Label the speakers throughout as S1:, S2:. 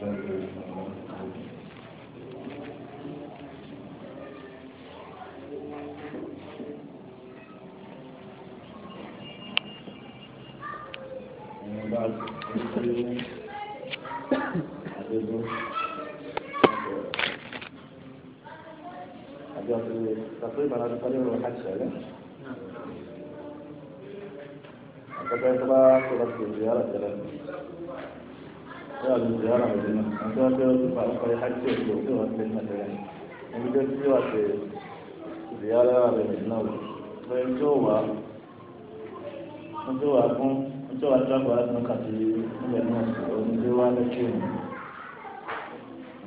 S1: تقريبا هذا قليل وحشة لا؟ نعم. أعتقد تبقى yóò lu ziyara madina àti wọn bẹ wọn bá ọkọ hajj ọjọ tí wọn bẹ madina ẹni tó ti wà sí ziyara rẹ madina wò bẹ́ẹ̀ tí ó wà wọn tó wà fún wọn tó wà tó àgbà láti mọ kàtí nílẹ̀ náà òun tó wà lẹkẹ ní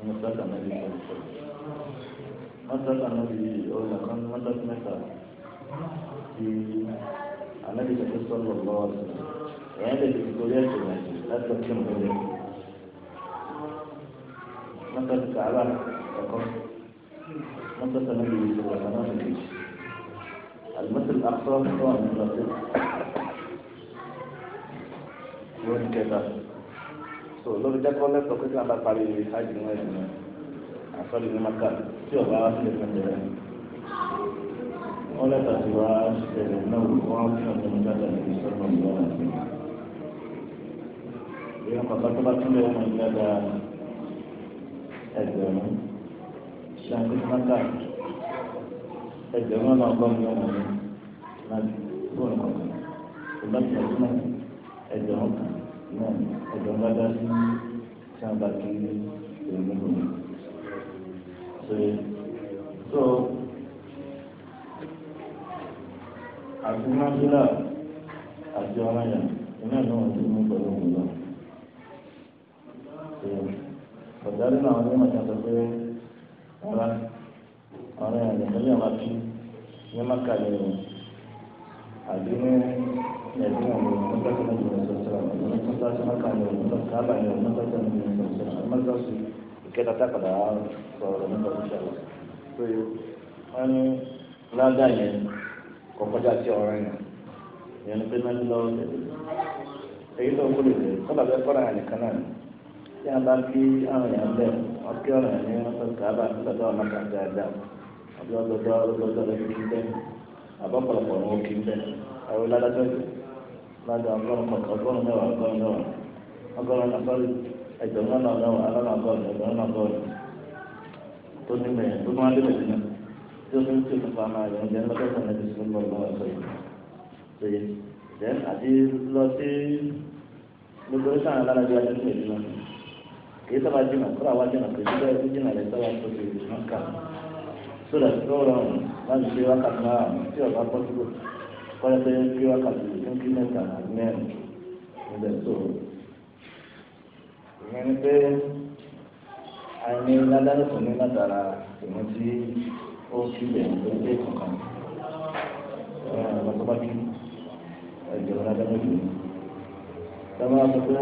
S1: wọn tó kà nàbí sọ sọ mọ́tò ti sàárà ẹ̀kọ́ mọ́tò tó ní ìlú ìṣòro ẹ̀kọ́ náà nìyí àlùmọ́tò àkọ́ tó wà nínú ọ̀sẹ̀ ló ń kẹta so lórí jẹ́kọ́ lẹ́tọ̀ọ́ pé kí wọ́n bá parí hajj ní ẹ̀sìn náà àsọ́lé ní maka tí ọ̀gá wa sílẹ̀ fẹ́ tẹ̀lé wọ́n lẹ́tọ̀ọ́ sí wa tẹ̀lé náà wọ́n fi hàn nínú jáde ní ìṣòro ọ̀gbọ́n àti ìyẹn kọ̀ọ̀kan tó bá tún lé ẹgbẹ̀rún ṣáàbí ẹgbẹ̀rún ọ̀nà ọgọ́rin láti fóònù ọ̀gá ìbáṣe ọdún ẹgbẹ̀rún kan náà ẹgbẹ̀rún bá dá sí sábà kí ìrònú bò mí. so àti mọ́tòlá àti ọ̀rọ̀ yẹn iná náà ti mú pẹ̀lú òun lọ ọ̀dà nínú àwọn onímọ̀ tí a sọ pé ọ̀rá ọ̀rá ẹ̀rọ ìpínlẹ̀ ọ̀rá kí ní maka lè rò àbí ní ẹ̀dín ọ̀rọ̀ mọ́tàkì náà lè sọ sọ̀rọ̀ àbí ní mọ́tàkì maka lè rò mọ́tàkì kábà lè rò mọ́tàkì náà lè sọ sọ̀rọ̀ àbí mọ́tàkì ìkẹta tápàdà sọ̀rọ̀ nípa ìṣẹ̀lẹ̀ tó yẹ wọ́n ní ládàá yẹn kò kọjá sí ọ̀rọ̀ yẹn yẹn ní pé mẹ́rin lọ́wọ́ tí a bá fi àwọn èèyàn bẹ̀ wọ́n kí ọ̀rọ̀ ní ọ̀sán kábà lọ́dọ̀ ọ̀nà kan dáadáa ọjọ́ lọ́dọ̀ lọ́dọ̀ lọ́dọ̀ kí n bẹ̀ àbọ̀pọ̀lọpọ̀ ní òkè bẹ̀ ẹ̀rọ ládàjọ́ ládà ọgọ́rùn-ún mẹ́wàá ọgọ́rùn-ún mẹ́wàá ọgọ́rùn-ún àkọ́rí ẹgbẹ̀rún náà mẹ́wàá alọ́nà ọgọ́rùn-ún ẹgbẹ̀rún náà ọgọ́rùn-ún tó ní mẹ́rin tó máa lébè sí náà tí ó fi ń tún ìfúnpá máa yọ̀ ọ́jẹ́ lọ́dọ̀ náà ti sún lọ́wọ́ ọ̀sọ̀ yìí tó yẹ àti lọ sí gbogbo sáà lálẹ́ bí a ti ń pè kì í sábà jìnnà kúrò àwọn jìnnà kì í sábà tó jìnnà rẹ̀ sábà tó ti ìṣúná ká sódà tó rọrùn láti ṣe wákàtí náà tí ọ̀gá bọ́ síbò kọ́lẹ́ pé kí wákàtí fún kí mẹ́ta àti mẹ́rin níbẹ̀ tó ìyẹn ni pé àìní ládàlú fún mi látara ìmọ̀ tí ó kílẹ̀ ló dé kankan lọ́sọ́bàbí ẹ̀jọ̀ ládàlú fún mi. sábà sọ pé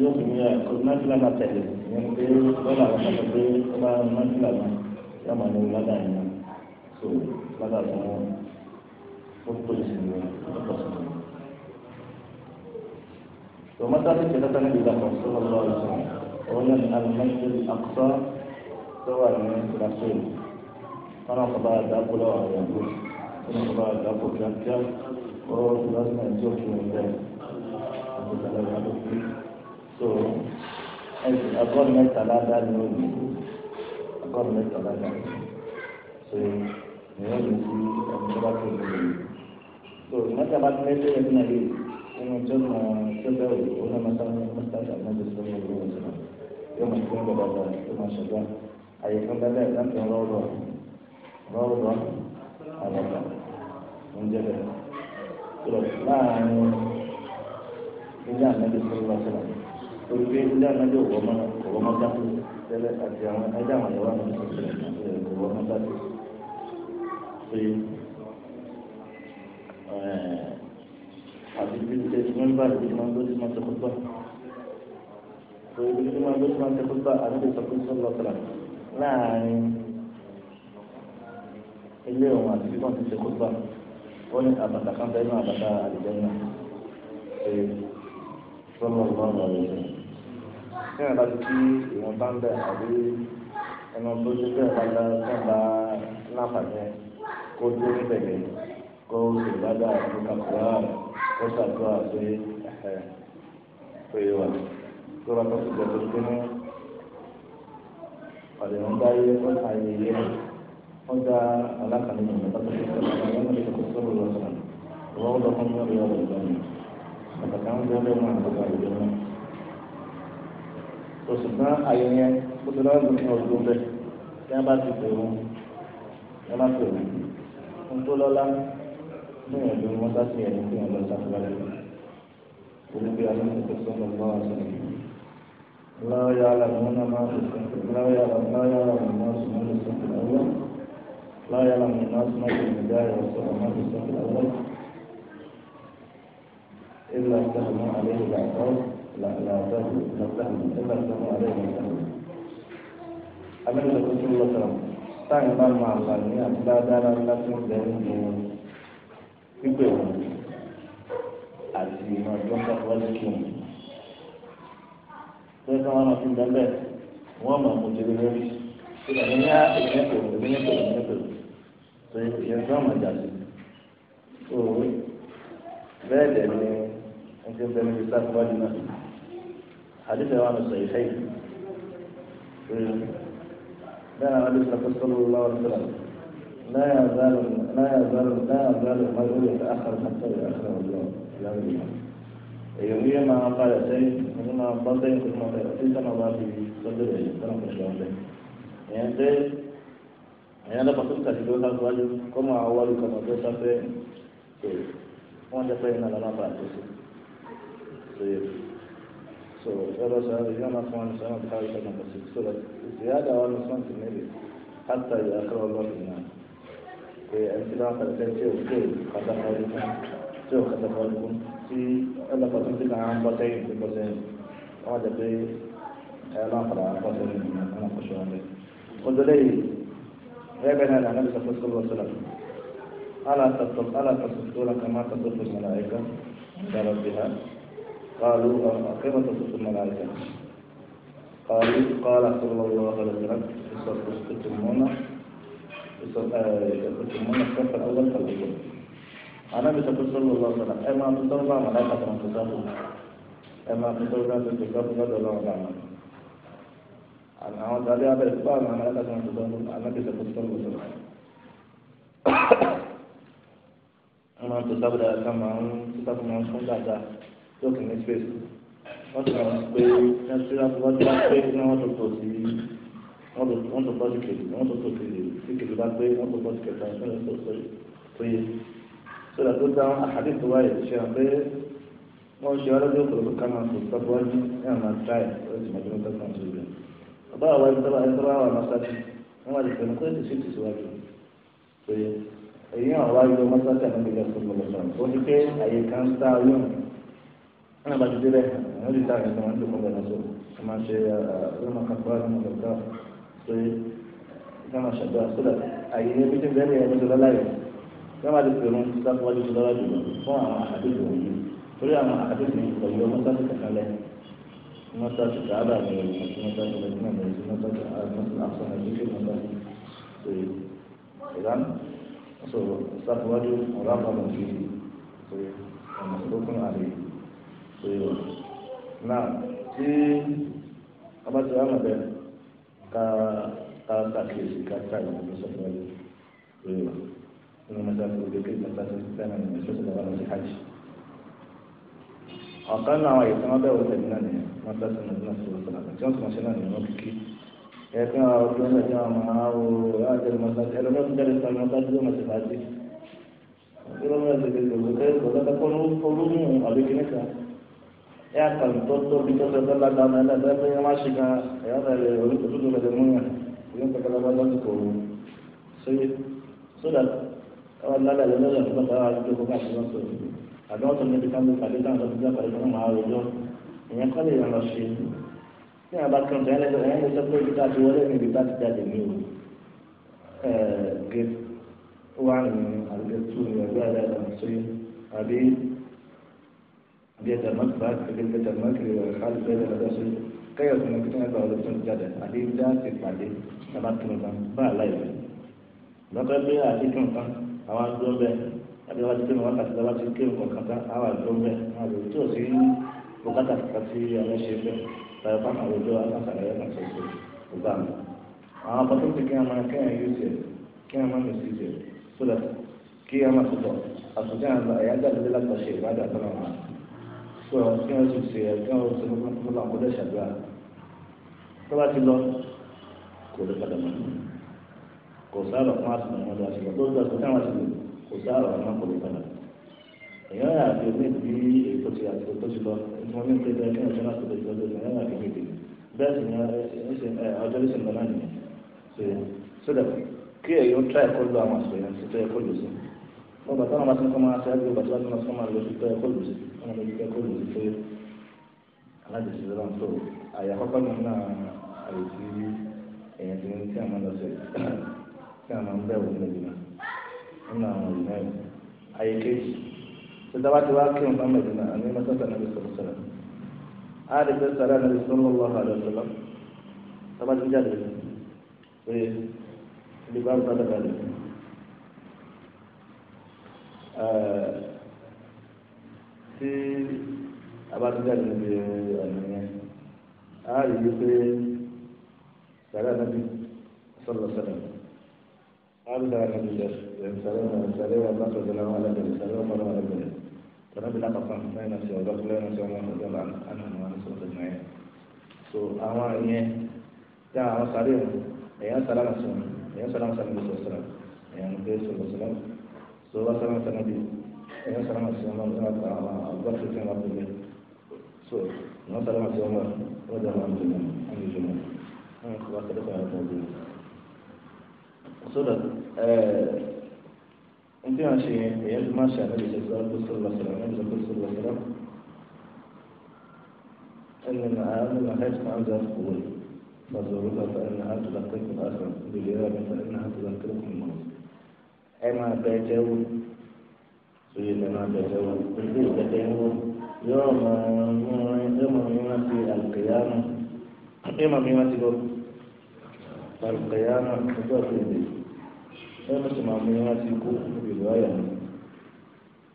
S1: yóò fi yẹ nọ́tìlá náà tẹ̀lé ìyẹn pé bọ́lá àwọn ọmọ pé ó bá nọ́tìlá náà yóò máa ní ládà yẹn náà so ládà tó wọn ó tó lè sìn wọn ó tó sìn wọn. ومتى في كذا كان إذا صلى الله عليه وسلم قلنا المسجد الأقصى سواء من رسول أنا قضاء دابولا ويقول أنا قضاء دابولا ọ̀rọ̀ tí wọ́n náà jẹ́ òkè ọ̀gbẹ́ ọ̀gbẹ́gbẹ́ ọ̀gbẹ́ so ẹ̀sìn akọ́ni mẹ́ta ládá ni ó lù akọ́ni so ìyẹn lè fi ọmọ tó so mẹ́ta bá tó lẹ́sẹ̀ yẹn náà lè ẹnu tó mọ tó bẹ́ẹ̀ wò ó náà mẹ́ta mẹ́ta àtàkùn tó lè lò ó náà yóò máa tó ń bọ̀ bàbá yóò máa ṣọ̀gbọ́n àyè fún bẹ́ẹ̀ láti sọ̀rọ̀ láàrin ilé ànágbé sọ̀rọ̀ lọ́sọ̀rọ̀ torí pé ilé ànágbé òwò ọmọ òwò ọmọ dákú tẹ́lẹ̀ àti àwọn ẹ̀dá àwọn ìyàwó ànágbé sọ̀rọ̀ òwò ọmọ dákú pé àti bí ṣe mẹ́mbà ti máa ń lójú máa tẹ̀kọ́ gbà torí bí ṣe máa ń lójú máa tẹ̀kọ́ gbà ànágbé sọ̀rọ̀ lọ́sọ̀rọ̀ láàrin ilé òun àti bí wọ́n ti tẹ̀kọ́ gbà wọ́n ní àbàtà kan bẹ́ẹ̀ ní àbàtà àdìjẹ́ náà ṣe sọ́nà ọ̀gbọ́n rẹ̀ ṣe. Ṣé ìyàbá ti kí ìwọ̀n bá ń bẹ̀ àbí ẹnu tó ṣe bẹ́ẹ̀ bá lọ sọ́nà láǹfààní kó tó níbẹ̀ yẹn kó ìbádà tó kàkúrà kó ṣàtúrà pé ẹ̀ pé wà tó bá tó ti jẹ́ tó kí ní ọ̀dẹ̀ ń báyé ó ṣàyẹyẹ náà ọjà alákàlẹ̀ ní ìpàtàkì ìpàtàkì ìkọ̀sọ́rọ̀ lọ́sàn wọ́n lọ fún yọ̀rọ̀ yọ̀rọ̀ ìgbàlẹ̀ pàtàkì àwọn ọjọ́ lẹ́nu àgbàgbà ìjọ náà. òṣùpá ayẹyẹ ó ti lọ́wọ́ lókun ọdún bẹ́ẹ̀ tí wọ́n bá ti pè wọ́n wọ́n má pè wọ́n ń tó lọ́lá fún ìyànjú wọn sá sí ẹni fún ìyànjú sàkúrẹ́ olùgbé alóńgbò sọ́nà لا يعلمون ما في السنة لا يعلمون ما في السنة لا يعلم الناس ما في البداية والصفة ما في الصف الأول إلا اتهموا عليه بعقاب لا لا تهموا لا تهموا إلا اتهموا عليه بعقاب أمن رسول الله صلى الله عليه وسلم تعمل مع الله لا دار الناس من دينهم يقولون أتي ما جمع ولكن فإذا ما في البداية وما مجرمين إذا هي إذا هي إذا هي tó ìyẹn tó àwọn ìjà sí tó bẹ́ẹ̀ dẹ̀ ni wọ́n ti bẹ́ẹ̀ níbi sáà fúwájú náà àdìsẹ́ wa lọ sọ ìfẹ́ yìí بين النبي صلى الله عليه وسلم لا يزال لا يزال لا يزال المرء يتأخر حتى يأخره الله إلى اليوم يوميا ما قال شيء منما بطل كل ما في سنة ما في صدره سنة مش يعني ẹ̀yìn alábàtúntà ti lọ́ta síwájú kọ́ máa wáyé kọ́ máa tó sáfẹ́ ẹ̀ wọ́n jẹ́ pẹ́yìn náà lábàá tó sí so yẹ so ẹ̀rọ sọ̀rọ̀ yóò máa fún wọn sọ̀rọ̀ bí káwé sọ̀rọ̀ bọ̀ sí so that ìyáàdà wa ní sọ́ǹtì níbi hátà ìyá akọ́rọ̀ ọlọ́ọ̀fìn náà pé ẹni tí wọ́n kàlẹ́ tí ò tí ò kàtà kọ́ọ̀lù fún tí ò kàtà kọ́ọ̀lù fún tí alábàtúntì náà ń bọ́ sẹ́yìn tó bọ́ sẹ́yìn غيبنا على النبي صلى الله عليه وسلم ألا تصدق ألا تصدقون كما تصدق الملائكة قالوا بها أه، قالوا كيف تصدق الملائكة قالوا قال صلى الله عليه وسلم تسمون آه، تسمون الصف الأول فالأول النبي صلى الله عليه وسلم أما تصدق ملائكة من تصدق أما تصدق تتصدق الله àwọn tàbí abẹ́rẹ́ tó bá àwọn aláta kan tó sọ́nù alábẹ́sẹ̀ tó sọ́nù sọ́nù. wọ́n máa ń tó sábà dára ká máa ń tó sábà máa ń fún dáadáa yóò kì ní space. wọ́n ti sọ̀rọ̀ pé nàìjíríà tó bá dá pé ní wọ́n tó tó sí wọ́n tó tọ́jú kejì wọ́n tó tó kejì tí kejì bá pé wọ́n tó tọ́jú kejì àwọn ìṣẹ̀lẹ̀ tó sọ tó yẹ. sọ̀rọ̀ tó dáhùn àhàdì tó wáyé ṣe hàn pé wọ́n ṣe ọlọ́dún òkòlòkò máa tó tọ́jú wájú ní àmà táì ó sì máa tó tọ́jú bàbá àwa ìtọ́wà ìtọ́wà àwọn masáàtì wọn wà lè fẹ́ kó ètò sí ìtẹ̀síwájú pé èyí àwọn wá yọ masáàtì àwọn ìgbà tó lọ sọ ó ní pé àyè kan sá oyún wọn bá ti dé bẹ wọn lè sáré sọ wọn lè kọ́ bẹ̀rẹ̀ sọ wọn máa ṣe ọlọ́mọ kakọ́ ọlọ́mọ kakọ́ pé wọn máa ṣàdúrà sódà àyè ní ebíjì bẹ́ẹ̀ ni ẹni tó lọ́láyọ̀ wọn bá ti pè wọn sáfọ́wájú tó lọ́láyọ̀ fún àwọn àdéhùn yìí torí àwọn àdéhùn yìí مسجد الكعبة مسجد المدينة مسجد الأقصى المسجد المسجد إذن استخراج مراقب فيه ومصروف عليه نعم tí ọba tí wàá mọ̀ bẹ́ẹ̀ ká ká sàkíyèsí ká ká ìwọ̀n tó sọ̀rọ̀ yìí lórí wa nínú mẹ́ta tó gbé kéde mẹ́ta tó tẹ́lẹ̀ ní ìṣòṣèlú àwọn ọ̀sẹ̀ hajj ọ̀kan náà àwọn àyèkọ́ wọn bẹ̀rù tẹ̀lé náà nìyẹn wọn bá sọ̀rọ̀ náà sọ̀rọ̀ sọ̀rọ̀ àti wọn sọ̀rọ̀ náà nìyẹn wọn kíkí ẹ̀ẹ́kan ọdún náà jẹ́ àwọn máa wo láàjẹ́ mọ́tàkì ẹlòmíràn jẹ́ lẹ́sọ̀ mọ́tàkì ló mọ̀ sí fàájì ẹlòmíràn ti lè lòlò tẹ́ ìgbọ̀lọ́tà kọ́ olómù àbí kìíní kan ẹ̀ àkàlù tó tó bí tó tẹ́ tẹ́lá dáná ẹ̀ lẹ́sẹ̀ pé wọ́n á ṣe gan ẹ̀yà rẹ̀ olùtòtò lọ́dẹ múyàn ìyẹn pẹ̀lú ọba lásìkò òru sóyè sódà ọ̀ lálẹ́ lọ́dọ̀ nípa táwọn àdúgbò kọ́kọ́ àti wọn sọ̀rọ̀ àbí wọn tó níbi káńtó pàdé káńtó tó gbà pàdé káńtó máa rojọ́ ìyẹn kọ́ lè yàn lọ ṣe ní àbá kan tó ẹlẹ́gbẹ́ ẹ̀yìn lè sọ pé ibi tá a ti wọlé ní ibi tá a ti jáde ní o gate one àbí gate two ní ọgbẹ́ ẹ̀rẹ́ ẹ̀rọ sí àbí bẹ́ẹ̀ tẹ̀mọ́tì bá kiri bẹ́ẹ̀ tẹ̀mọ́tì rẹ̀ káàdì bẹ́ẹ̀ tẹ̀mọ́tì sí kẹ́yọ̀ tó ní kí wọ́n gba ọlọ́tún jáde àbí dá ti pàdé sábà tó nǹkan bá àlàyé lọ́kọ́ àbí wájú pé wọn kàtí lọ́wọ́ ti ń kírun kọ̀ọ̀kan tán àwọn àjọ bẹ́ẹ̀ wọn àjọ tí ò sí bùkátà kankan tí ọmọ ṣe bẹ́ẹ̀ láyé fáwọn àwùjọ aláṣàlàyé kan ṣoṣo kò bá mi. àwọn akọ́tọ́ ti kí wọn kẹ́hìn yóò ṣe kí wọn máa mèsì ṣe sódà kí wọn máa sọ̀tọ̀ àtúntí àwọn ẹ̀yà jáde látọ̀ ṣe ìbádà tó náà wọn. sọ kí wọn sì ṣe ẹ̀gbọ́n oṣù mọ́lá kó dẹ̀ ṣàdúrà tó bá ti lọ kò lè padà mọ́ kò sáà lọ fún àtúntò kò sáàrọ̀ ọ̀nà kò lè padà èèyàn yà àti omi bí ètò ti àti ètò ti lọ ìtumọ̀ mi ń pè bẹ́ẹ̀ ní ọjọ́ náà tó lè jọ lórí èèyàn yà àti omi bẹ́ẹ̀ sì ni ọjọ́ lè sìn lọ́nà nìyẹn so yẹn so that kí èèyàn try kó lo àwọn àṣọ yẹn tó yẹ kó lò sí wọn bàtà wọn bá ti ń kọ́ máa ṣe àgbẹ̀ bàtà wọn bá ti ń kọ́ máa lọ sí tó yẹ kó lò sí wọn bá ti ń kọ́ lò sí tó yẹ alájọsí lọ́la ń tó àyà kọ́kọ́ nínú àyè tí èèyàn ti ń tí a máa lọ sí tí a máa ń bẹ̀wò níbi náà àyè kejì tó dábàá ti wá kí n bá mẹ́dínà àmì mọ́tàtà nàbí sọ̀rọ̀ sọ̀rọ̀ á lè fẹ́ sọ̀rọ̀ nàbí sọ̀rọ̀ lọ́wọ́ àlọ́ sọ̀rọ̀ dábàá ti jáde pé ibi bá ń sọ̀rọ̀ balẹ̀. tí a bá ti jáde níbi ọ̀nà yẹn á rí i pé sọ̀rọ̀ nàbí sọ̀rọ̀ sọ̀rọ̀ á rí sọ̀rọ̀ nàbí sọ̀rọ̀ ìrìnsàlẹ̀ ìrìnsàlẹ̀ àbáṣọ̀dọ̀lá wọn alábẹ̀rẹ̀ ìrìnsàlẹ̀ ọ̀pọ̀lọ́ alábẹ̀rẹ̀ tọ́lábìlá pàpà fúnlẹ́yìn ọ̀sẹ̀ ọ̀dọ́ fúnlẹ́yìn ọ̀sẹ̀ ọmọ ọ̀dọ́ ànàmọ́ àṣọ̀tọ̀ náà so àwọn ìyẹn tá àwọn sáré salam. sálámà sọ ẹ̀yàn sálámà sọ salam sọ̀rọ̀ ẹ̀yàn gbé salam sọ̀rọ̀ so wọ́n sálámà sọ ẹ̀yàn ẹ̀yàn sálámà sọ ọmọ ọ̀dọ́ àwọn àgbà tó fẹ́ wọn tó lé so wọ́n sálámà sọ ọmọ ọ̀dọ́ àwọn àjùmọ̀ àjùmọ̀ wọn kò wá kẹ́lẹ́kọ̀ọ́ nítorí wọn ṣe èyàn tó máa ṣe àlejò ìṣẹ̀tọ́ àgbésọ̀rọ̀ lọ́sọ̀rọ̀ ní ìṣẹ̀tọ́ ìṣẹ̀tọ́ lọ́sọ̀rọ̀ ẹni nà á ní nà hẹ́tì máa ń zà fòwò fàzọ̀rọ̀ bàbá ẹni nà á tó lọ kẹ́kọ̀ọ́ àgbà ìdílé rẹ̀ bàbá ẹni nà á tó lọ kẹ́kọ̀ọ́ mọ̀ ẹ máa bẹ ẹjẹ wò sóyè lẹ máa bẹ ẹjẹ wò wọn sì máa mú wọn ti kú ìlú ayọ̀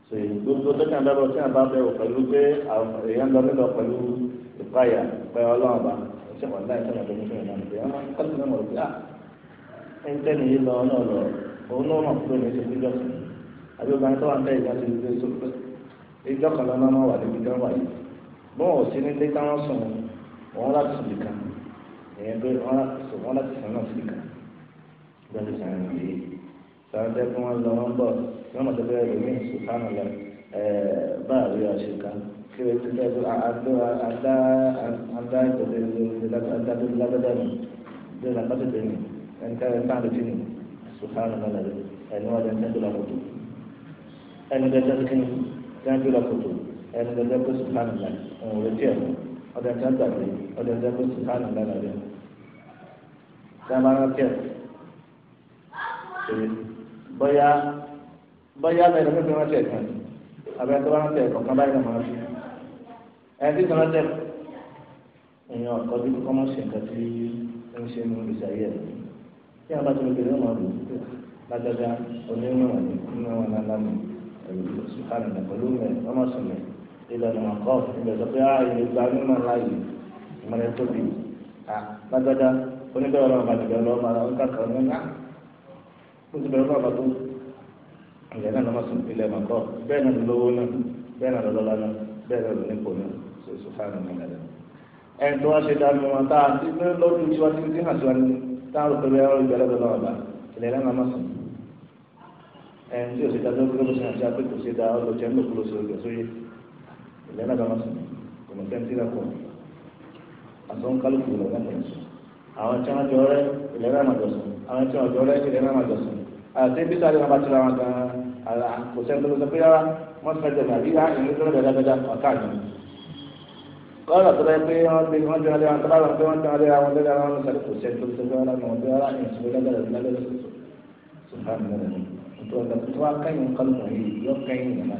S1: ṣe gbogbo tẹ́kàn dábọ̀ tí a bá bẹ̀rù pẹ̀lú pé èèyàn lọ nílọ pẹ̀lú ìpáyà pé ọlọ́run bá ṣe wà láì sọ̀rọ̀ lórí fún ìlànà ìgbé àwọn kọ́lù náà mọ̀ pé à ń tẹ́lẹ̀ yìí lọ náà lọ òun náà mọ̀ pé mi ṣe fi jọ́ sí àbí obìnrin tó wà ní ìgbà tó ṣe sọ pé ìjọ kan máa wà níbi dánwà yìí bọ́n ò sí nílé táwọn sùn wọn láti sùn nìkan èèyàn pé wọn láti sùn náà sí nìkan gbọ́dọ̀ sàn sọ̀rọ̀ jẹ́ kí wọ́n lọ wọ́n bọ̀ kí wọ́n mọ̀ tẹ́lẹ̀ ẹ̀mí sùkánù lọ báàrí àṣekà kí wọ́n ti tẹ́lẹ̀ àdá àdá ìtòlè lágbádá mi bí wọ́n bá tètè mi ẹni ká ẹni káàdì tìǹ sùkánù lọ lẹ́yìn ẹni wọ́n jẹ́ tẹ́lẹ̀ lọ́kùtù ẹni jẹ́ tẹ́lẹ̀ lọ́kùtù ẹni jẹ́ tẹ́lẹ̀ sùkánù lọ òun retí ẹ̀ ọdẹ tẹ́ gbàgbé ọdẹ tẹ́ sùkánù lọ lẹ́yìn bóyá bóyá bẹ́ẹ̀ lọ́sẹ̀ tó ń rántí ẹ̀kan abẹ́ tó rántí ẹ̀kan kan báyìí lọ́mọ rántí ẹ̀ tí kan rántí èèyàn ọ̀kọ́ bí kọ́mọ ṣe nǹkan tí ń ṣe nínú ìgbésí ayé ẹ̀ tí a bá tó lókè lọ́mọ rò lágbájá onírànwọ́ onírànwọ́ lálánà ẹ̀rù sùkánà pẹ̀lú mẹ́ ọmọ sùnmẹ́ ìlànà ọkọ̀ ìgbésọ̀ pé ààyè gba mímọ́ láàyè ìmọ̀lẹ́ tóbi ó ti bẹ̀rù bàbá tó ìyá náà lọ́mọ sùn ilẹ̀ mà kọ́ bẹ́ẹ̀ náà lówó náà bẹ́ẹ̀ náà lọ́lọ́lá náà bẹ́ẹ̀ náà lọ́nípò náà ṣe é sùfáàní ní ìlẹ̀ ẹni tó wá ṣe dánú wọn tá a ti ní lọ́dún tí wọ́n ti ti hàn síwájú táwọn pẹ̀lú ẹ̀rọ ìgbàlódé lọ́wọ́ bá ilẹ̀ náà máa sùn ẹni tí òṣèlú adó kúrò lóṣù àti àpè kò ṣe dá ọ lọ́jọ́ ní àwọn tí wọ́n jọ rẹ́ ilẹ̀ náà àwọn tí wọ́n jọ rẹ́ ilẹ̀ náà àti eh, bisa dengan baca bá ti ra wọn gan ara kò sẹ́ni tó ló sọ pé rárá wọ́n ti fẹ́ jẹ gàrí rà ìlú tó lọ́dọ̀ dáadáa ọ̀tá àná. kọ́lọ̀ tó lọ́yẹ pé wọ́n ti wọ́n ti rárá wọn tó bá wọn pé wọ́n ti rárá wọn lọ́dọ̀ àwọn sáré kò sẹ́ni tó ló sọ pé rárá wọn tó rárá ìyẹn sọ lọ́dọ̀ lọ́dọ̀ tó wá iman iman yìí yọ kẹ́yìn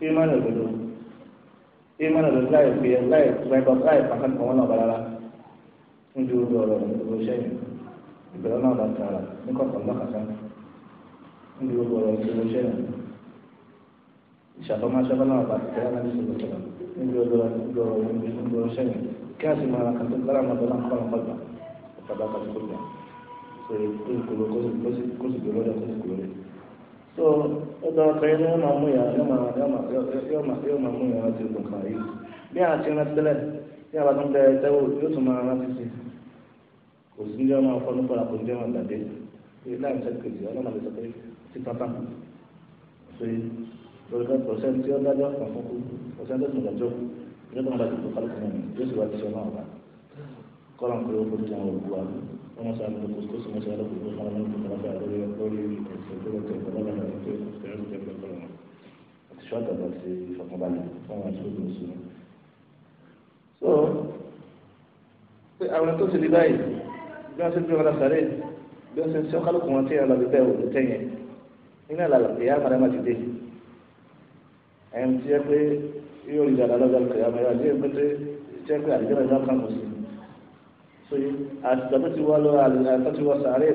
S1: iman kí ló ìmọ̀nà ló láì fi láì pẹ́kọ̀ láì pàkàn kan wọn náà balala ń ju ojú ọ̀rọ̀ ìdúró sẹ́yìn ìbẹ̀rẹ̀ náà bá tààrà ní kọ̀ọ̀kan náà kàkà ń ju ojú ọ̀rọ̀ ìdúró sẹ́yìn ìṣàtọ́máṣẹ́ bá náà kau tẹ̀lé náà ní sọ̀rọ̀ sọ̀rọ̀ ń ju ojú ọ̀rọ̀ ìdúró sẹ́yìn kí a sì máa kàtó lára máa bọ́lá kọ́ ọ̀rọ̀ pàgbà ìtàbá kàtó kó so ọ̀dọ̀ ọkùnrin ni wọ́n máa mú yàrá yóò máa yóò máa yóò máa yóò máa mú yàrá ti gbọ̀n kan yìí bí a ti rántí tẹ́lẹ̀ bí a bá tún bẹ̀rẹ̀ tẹ́wọ́ yóò tún máa rántí sí kò sí ní ọmọ afọ nípa kò ní ọmọ ìgbàdé ilé àmì sẹ́kìtì ọlọ́mọ lè sọ pé ti pátá ṣe lórí kan pọ̀sẹ́ntì tí ó dájọ́ kan fún kú pọ̀sẹ́ntì tó tún dájọ́ yóò tún bá ti gbọ̀ kálukú náà yóò sì wá ti ṣe náà wá kọ́ ومسألة الخصوص مسألة الخصوص من المترفع الذي يقول يستطيع الكفر لنا يستطيع الكفر لنا شاطر بس يفهم بالي فما يشوف المسلمين so pé àwọn tó ti di báyìí bí wọ́n ti bí wọn sáré bí wọ́n ti ń sọ kálukú wọn tí yẹn lọ bí bẹ́ẹ̀ òde tẹ̀yìn nínú àlàlà ìyá àmàlà má ti dé ẹ̀yìn tí yẹ pé yóò rí dàda lọ́dọ̀ so àtìgbà tó ti wá lọ àlùkò tó ti wá sàárè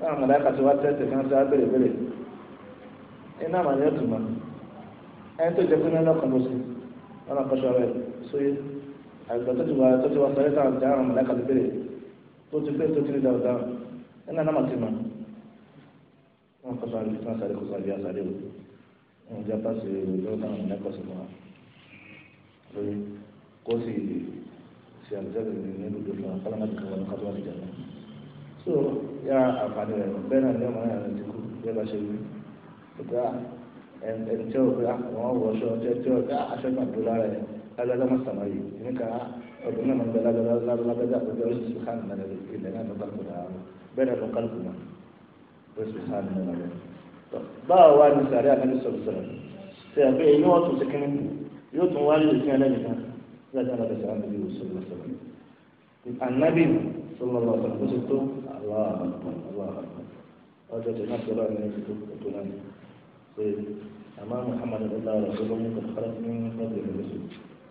S1: náà mọ̀láyàkà ti wá tẹ̀sẹ̀ kan sí abèrè bèrè iná àmàlẹ́ ọ̀tún mọ̀ ẹni tó jẹ pé náà lọ́kàn ló sí wọn àkọ́ṣọ rẹ̀ so àtìgbà tó ti wá tó ti wá sàárè náà ti àwọn mọ̀láyàkà ti bèrè tó ti pé tó ti rí dáadáa iná náà mà ti mọ̀ wọn àkọ́ṣọ rẹ̀ ti sàárè kó sàárè àsàárè o wọn jẹ́ pàṣẹ ìròyìn lọ́wọ́ táwọn mọ̀láyàkọ̀ sí wọn kó sì ṣe àlùjáde ní ìlú ìlú fún akọ́lọ́mọ ti kàwọn ọ̀nà kátó àlùjá náà so yá àǹfààní rẹ̀ bẹ́ẹ̀ náà ní ọmọ náà ti kú bẹ́ẹ̀ bá ṣe wí ìgbà ẹni tí ó gbà ah, wọ́n wọ aṣọ tí tí ó gbà ah, aṣọ ìgbà tó lára ẹ̀ lágbádá má sàmà yìí ní ká ọdún náà máa ń bẹ lágbádá lágbádá àgbẹ̀dẹ oríṣi sùkán náà rẹ̀ ilẹ̀ náà nípa kò dáa bẹ́ẹ̀ náà fún kálukú náà oríṣi sùkán náà rẹ̀ báwo wá ní sàrí àmì sọ̀rọ̀ sọ̀rọ̀ ṣe àgbẹ̀ yóò tún ṣe kínní yóò tún wá lè fi ẹlẹ́yìn náà láti àwọn ọ̀sẹ̀ àwọn ìlú sọ̀rọ̀ sọ̀rọ̀ anabi sọlọ lọ sọ̀rọ̀ lọsọ tó àwọn àwọn ọjọ́ tó náà sọ̀rọ̀ àwọn ẹni tó tó náà pé àmọ́ muhammadu allah rasul ọmọ kan kọ́ra ní ọjọ́ ìlú sọ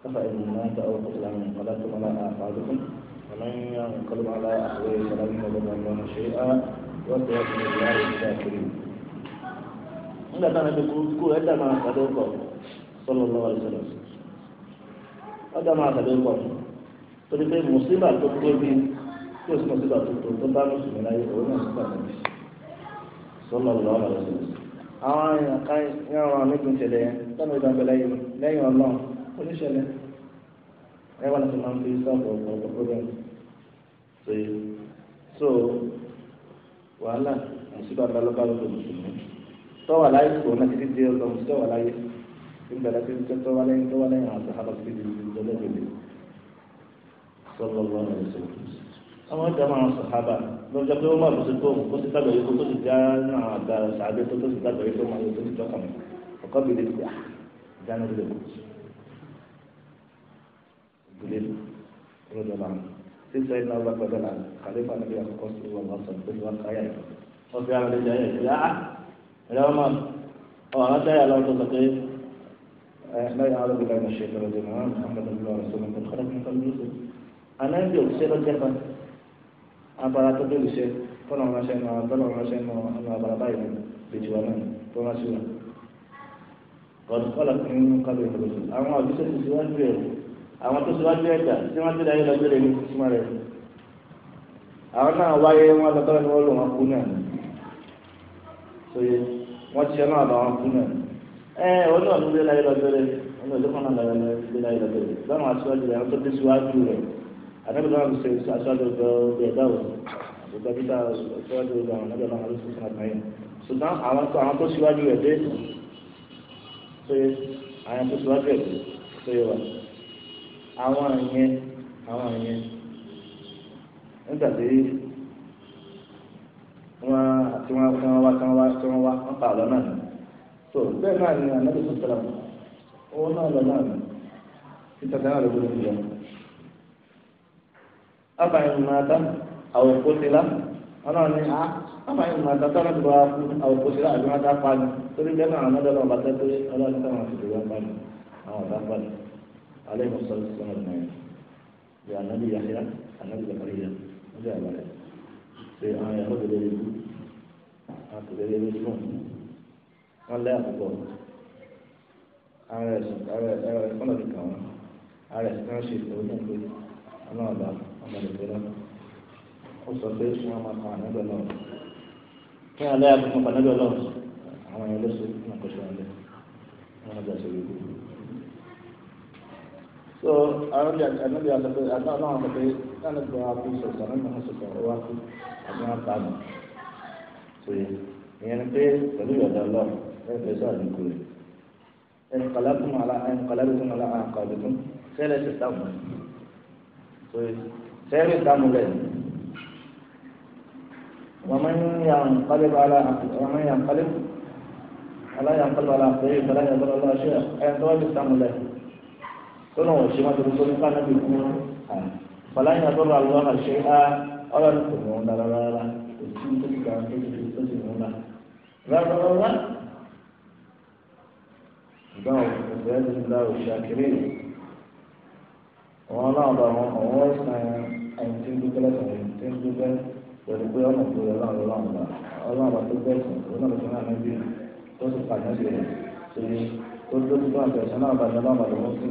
S1: kafa ìlú náà ta ọkọ̀ tó lánàá ọ̀la tó mọ́lá àfàdùkún ومن ينقلب على أخويه فلن يضر الله شيئا وسيكون الله الشاكرين. إلا كان يقول كل هذا ما صدقه صلى الله عليه وسلم. ọjọ́ máa tẹ̀lé pọ̀ jù torí pé mùsùlùmí tó tóbi tí o sì mùsùlùmí tó tó tó bá mùsùlùmí láyé òun náà sì pàdé sọlọ lọ ọ̀rọ̀ rẹ àwọn èèyàn ká yẹn wọn nígun tẹ́lẹ̀ tọmọ ìdàgbẹ lẹ́yìn lẹ́yìn Ọlọ́run oníṣẹ̀lẹ̀ ẹ wà láti máa ń fi sọpọ ọgbọ problem so so wàhálà mùsùlùmí balọbalọ tó mùsùlùmí tọwà láyé kò náà títí di ọgbà mùsùlùmí tọwà láyé ìgbàlá tí ó tọ́ wá lẹ́yìn tó wá lẹ́yìn àwọn sàhábà sí ibi ìjọba gbèlè sọlọ́lọ́ rẹ̀ sọ. àwọn ìjà máa sàhábà lọ́jọ́ pé wọ́n máa lọ sí tó kó sí dàgbà yìí kó sì já náà àgbà sàábẹ́ tó tó sì dàgbà yìí tó máa lọ sí ìjọkàn ọ̀kọ́ bìlẹ̀ ti à ah, ìjánu lẹ̀ bìlẹ̀ lọ́jọ́ náà sísọ iná ọba gbọdọ̀ náà kàlífà níbi àkọ́kọ́ sí wọn lọ́sọ̀ لا يعلم بالله من الشيطان الرجيم محمد الله رسوله قد خلق من قبل رسل أنا عندي أكسير الجفا أبرا تدل الشيء فلا ما شيء ما فلا ما شيء ما أنا أبرا بايم بجوانا فما شيء قد خلق من قبل رسل أما أكسير سواد بير أما تسواد بير كا سمعت لا يلا بير إني سمعت أنا واي ما ذكرنا ولا ما كنا سوي ما شيء ما ذكرنا òun náà ló dé láyé lọ́dọ́rẹ́ òun náà ló kàn náà lọ́dọ́rẹ́ láyé lọ́dọ́rẹ́ báwọn aṣáájú rẹ̀ àwọn tó dé síwájú rẹ̀ àdébí báwọn ṣe aṣáájú ọjọ́ bẹ́ẹ̀ dáwọ̀ ọjọ́ bí dáwọ̀ aṣáájú ọjọ́ àwọn ọjọ́ náà ló ṣe fún àgbáyé ṣùgbọ́n àwọn tó síwájú rẹ̀ dé pé àwọn tó síwájú rẹ̀ dé pé wà àwọn yẹn àwọn yẹn nígbà tí wọ́n àti wọ́n wá tí wọ́n wá tí wá wọ́n pa àlọ́ náà tó bẹ́ẹ̀ náà ni ànábì sọ̀tàlá owó náà lọ náà títàdá náà lọ́gbọ́n ìyá. abayin mata àwọn èkó ti ni ọlọ́run ah, ní a abayin mata tọ́lá ti bọ́ akú àwọn èkó ti lá àbí mata pa ni torí bẹ́ẹ̀ náà àmọ́ dọ́là ọ̀bàtà pé ọlọ́run ti sáwọn àti ìdòwò pa ni àwọn ọ̀dà pa alẹ́ ìmọ̀sọ̀rọ̀ sọ̀rọ̀ àwọn ìyàwó tẹ̀lé ewu àwọn tẹ̀lé ewu tó wọn lẹ́yìn púpọ̀ ara ẹ̀sìn ara ẹ̀sìn kọ́nà ti kà wọ́n ara ẹ̀sìn náà ṣe ìfowó náà pé ọlọ́run ọba ọmọ ìgbé náà ó sọ pé kí wọ́n máa pa ànágbẹ́ náà kí wọ́n lẹ́yìn púpọ̀ pa ànágbẹ́ náà àwọn èèyàn ló ṣe àkóso wọn wọn lọ́jà ṣe wíwú. so àwọn ọjà ànágbẹ́ àtàkùn àtàkùn àwọn àtàkùn àtàkùn àkùn sọ̀tọ̀ ànágbẹ́ sọ̀tọ̀ ọwọ́ àkùn àti wọn pa àmì ìyẹn ni pé pẹ̀lú ìyọ̀dọ̀ ọlọ́run ẹ̀fẹ̀ sọ àdínkù rẹ̀ ẹ̀ǹkọ̀lábùkún ala ẹ̀ǹkọ̀lábùkún ala àǹkọ̀lábùkún sẹ́lẹ̀ ti sàmù rẹ̀ sórí sẹ́lẹ̀ sàmù rẹ̀ wọ́n máa ń yà ǹkọ́lẹ́bù ala wọ́n máa ń yà ǹkọ́lẹ́bù ala yà ǹkọ́lẹ́bù ala àfẹ́yẹ ìfẹ́lá yà ǹkọ́lẹ́bù ala ṣẹ́ ẹ̀ǹkọ́lẹ́bù sàmù rẹ̀ tó náà wọ́n ṣe máa tó ní ká náà bí kú fọlá yà tó ra lọ́wọ́ ṣe á ọlọ́run kò mọ̀ ọ́n dára rárá òtún tó ti gbà tó ti tó ti mọ̀ ọ́n dára rárá ṣùgbọ́n ọ̀sẹ̀ ti la òṣìṣẹ́ akéré wọn náà bá wọn ọ̀wọ́ ìsàn ẹni tí ń dúpẹ́ lẹ́sàn ẹni tí ń dúpẹ́ pẹ̀lú pé ọ̀nà tó yẹ láwọn ọlọ́run bá ọlọ́run bá tó bẹ̀sùn ọlọ́run tó náà níbi tó sì pàṣẹ sí rẹ̀ ṣe tó tó tó náà bẹ̀sùn náà bá ní ọlọ́run sí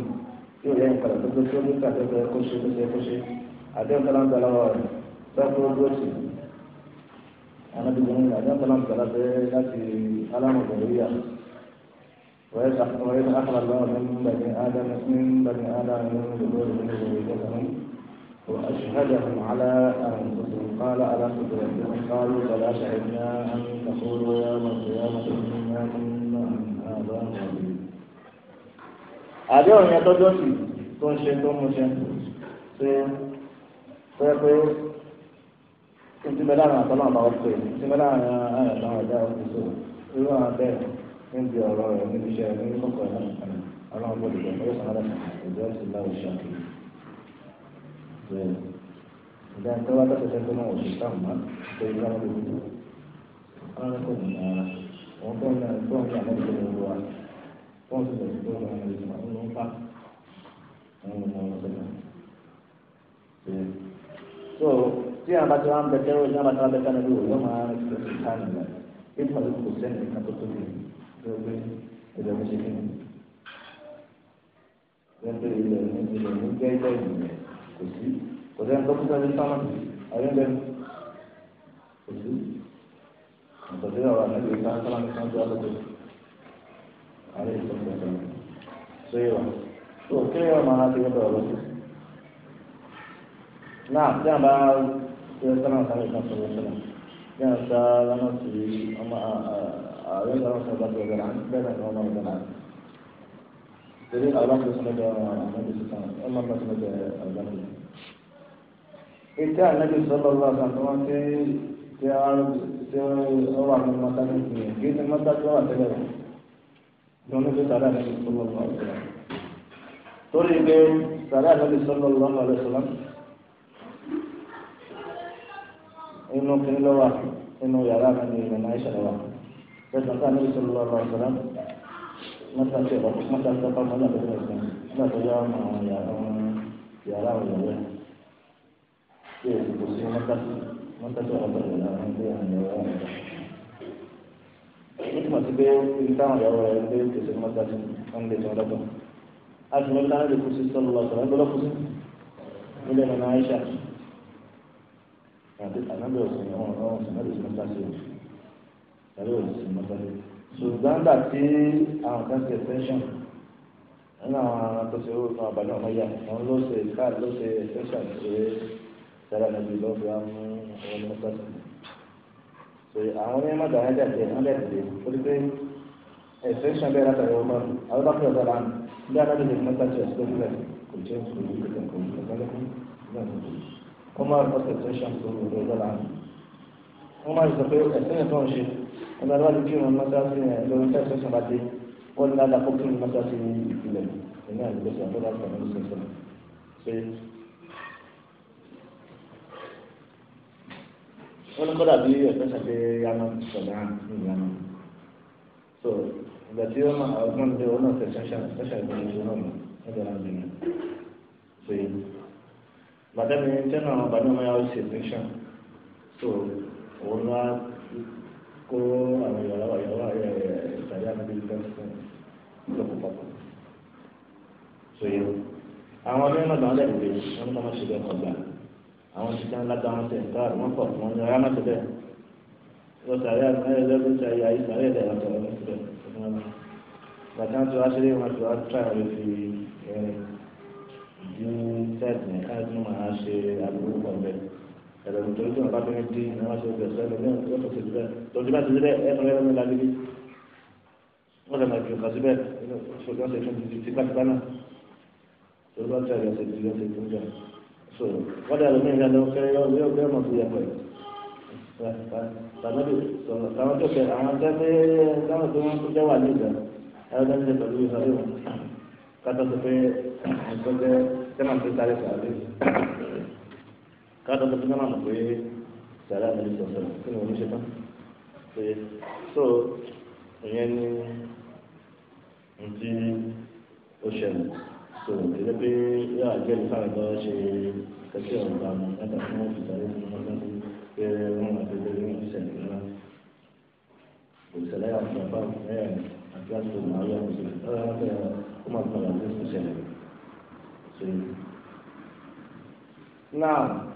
S1: yóò yẹ ìpàdé tó tó tó ní kàtẹ́kẹ́ kó ṣe kó ṣe kó ṣe àdéhùn tó وإذ أخرج الله من بني آدم من بني آدم من ذكورهم ذريتهم وأشهدهم على أنفسهم قال على فكرتهم قالوا فلا شهدنا أن تقولوا يوم القيامة إنا كنا عن آبائنا àdéhùn yẹn tọjọ sí tó ń ṣe tó ń múṣẹ ṣe pé pé ìtìmẹ́lá àwọn àtọ́nà àbáwọ́ pé ìtìmẹ́lá àwọn àyàtọ̀ àwọn ọ̀dà òkú sọ̀rọ̀ irú àwọn bẹ́ẹ̀ níbi ọ̀rọ̀ rẹ̀ níbi iṣẹ́ rẹ̀ níbi kọ̀kọ̀ náà ọlọ́run bó dìbò ọ̀rọ̀ sọ̀rọ̀ sọ̀rọ̀ ìjọ sì láwù ṣáàkì. ìdá ẹ̀ka wá tọ́sẹ̀sẹ̀ pé wọn ò sì sáà mọ́ pé ìgbà wọn lòdì ọlọ́run kò ní ara wọn tó ń lọ tó ń lọ àwọn ìṣẹ̀lẹ̀ olúwa tó ń sọ̀rọ̀ sí pé wọn lè sọ àwọn ló ń bá àwọn ọmọ wọn sọ̀rọ̀. so tí àwọn bá ti wá ń bẹ tẹ́rọ ìjọba tí wọ́n bẹ tẹ́rọ ìwòye wọn máa ń sọ pé ilẹ̀ mi ṣe kíni lẹ́tọ̀ ilẹ̀ mi ilẹ̀ mi jẹ́ ilẹ̀ ìgbìmọ̀ kò sí kò sẹ́ni tó ní sámà ayé lẹ́nu kò sí àtọ̀tẹ́ àwọn àmì ìta sámà ní sámà tó wà lóko ayé ìtọ́jú ọ̀sán so yẹ wa so kí ni wọn máa ń tẹ́lẹ̀ bọ̀ lọ́sọ̀ náà tí a bá tẹ́lẹ̀ sámà sámà ìtàn sọ̀rọ̀ sọ̀rọ̀ tí a sá lánàá sí ọmọ àà رضا رضي الله تعالى عنه بين عمر بن عبد دليل أولاك بسنة النبي صلى الله عليه وسلم أما بسنة الجنة إتى النبي صلى الله عليه وسلم تي تي أوعى من مكان الدنيا جيت المكان تي أوعى تجارة لأنه في سارة النبي صلى الله عليه وسلم تولي بي سارة النبي صلى الله عليه وسلم إنه كن لوا إنه يرى من يمنع شلوا ẹ̀sìn ká níbi sọ̀rọ̀ lọ́wọ́ ọ̀sọ̀rọ̀ mọ́tà tí ọ̀pọ̀ mọ́tà tí ọ̀pọ̀ mọ́tà tí ọ̀pọ̀ mọ́tà tó yá ọmọ àwọn yàrá àwọn yàrá àwọn yàrá tí èsì kò sí mọ́tà mọ́tà tí ọ̀pọ̀ yàrá àwọn tí àwọn yàrá àwọn yàrá. ó túmọ̀ sí pé ibi táwọn yàrá rẹ̀ gbé kèsì mọ́tà tí wọ́n lè tọ́ lọ́tọ̀. a sì mọ́tà lè kú sí sọ̀rọ̀ lọ́sọ̀rọ̀ ẹ̀ ẹ̀rọ ìsìn mọ́tàlẹ́ ṣùgbọ́n gbà tí àwọn kan ṣe extension nínú àwọn akọ́ṣẹ́ owó fún abalẹ̀ ọmọ yá wọn ló ṣe card ló ṣe extension ṣe sára níbi lọ́ọ̀fù àmú ọmọ mọ́tàlẹ́ ṣe àwọn onímọ̀ mọ́tà ẹ̀jẹ̀ àti ẹ̀hán bẹ́ẹ̀ tẹ̀lé ó ti pé extension bẹ́ẹ̀ látàrí ọmọ àwọn bá fẹ́ ọ̀dọ́ra ní adájọ́ ìdè mọ́tàlẹ́ ṣe lọ́ọ̀fù kò jẹ́ òṣèlú kẹ̀kẹ́ ẹgbẹ́ wọn kí wọn mọ́sáàsì yẹn lórí tẹ́sán sọ́bàdé wọn ní adàpọ̀ kí wọn mọ́sáàsì ní ìpìlẹ̀ ẹ̀mí àgbẹ̀sẹ̀ àtọ́lá sọ̀rọ̀ ní sẹ́sẹ̀ ṣe. wọ́n ní kọ́ dàbí ẹ̀fẹ́ sàdé yánà sọ̀rọ̀ ní yánà so ìgbà tí wọ́n máa ọgbọ́n lé wọn náà tẹ̀sán sẹ́sẹ̀ ìgbìyànjú náà mọ̀ ẹgbẹ́ náà bìnrin ṣe. bàtẹ́mi tẹ́nà ọ̀bàdàn máa yà ó ṣe tẹ̀sán so òun náà kó àwọn ọmọ ẹ̀rọ náà lẹ́nu pé tọ́ wọ́n ṣe bẹ́ẹ̀ kọ̀ọ̀gbà àwọn ṣiṣẹ́ ńlá dáhùn ṣe nǹkan àrùn mọ́kọ̀ wọn ni ọ̀rá mọ́tò bẹ́ẹ̀ lọ́sàrẹ́ àgbẹ̀rẹ̀ lọ́sàrẹ́ ayé àyíkàrẹ́ ẹ̀dá ìyàtọ̀ ọ̀rọ̀ mọ́tò bẹ́ẹ̀ bàtà tó wá sílé wọn tó wá tó àwọn fi ẹ̀ẹ́dì tẹ́ẹ̀tì nìkan tó máa ṣe àbúrò pọ̀ bẹ́ẹ̀ ẹ̀rọ nítorí tí wọn bá fẹ́ẹ́ dín ní wọn ṣe ọjọ́ sọ ẹlòmíràn tí wọn tó ṣe bẹ́ẹ̀ tọ́jú bá ti ṣe bẹ́ẹ̀ ẹ̀rọ ẹ̀rọ ńlá bíbí wọn lè máa ju nǹkan síbẹ̀ ṣùgbọ́n ṣe fún ti tipátipá náà tó bá tẹ̀ ẹ̀rọ ṣe ti yọ ṣe fún jà so wọ́n dà lómi ìyá lọ́wọ́ fẹ́ẹ́ yọ yọ bẹ́ẹ̀ mọ̀ sí ẹ̀kọ́ yìí tàbí sọ̀rọ̀ táwọn tó kẹ àwọn tẹ́lẹ̀ táwọn tó wọ́n tó jẹ́ wà ní ìgbà ẹ̀rọ tẹ́lẹ̀ pẹ̀lú ìsọ̀rọ̀ kátó tó fẹ́ ẹ̀kọ́ jẹ́ tẹ́lẹ̀ tó sáré sàrẹ́ káàtó tó fi náà mọ̀ pé sàrà mi sọ sọ̀rọ̀ kí ni wọ́n ṣe tán pé so ìyẹn ni n ti ó ṣẹlẹ̀ so ìdílé pé yóò àjẹ́ ìsáàmì tó ṣe kẹsí ọ̀rọ̀ ta mẹ́ta tí wọ́n fi sáré fún ọmọdé pé wọ́n máa fi lórí ní ìṣẹ̀lẹ̀ náà kò ṣẹlẹ̀ àti àbá mẹ́rin àti àti òun ayé àti ìṣẹ̀lẹ̀ náà fẹ́ ó máa padà sí ìṣẹ̀lẹ̀ so now.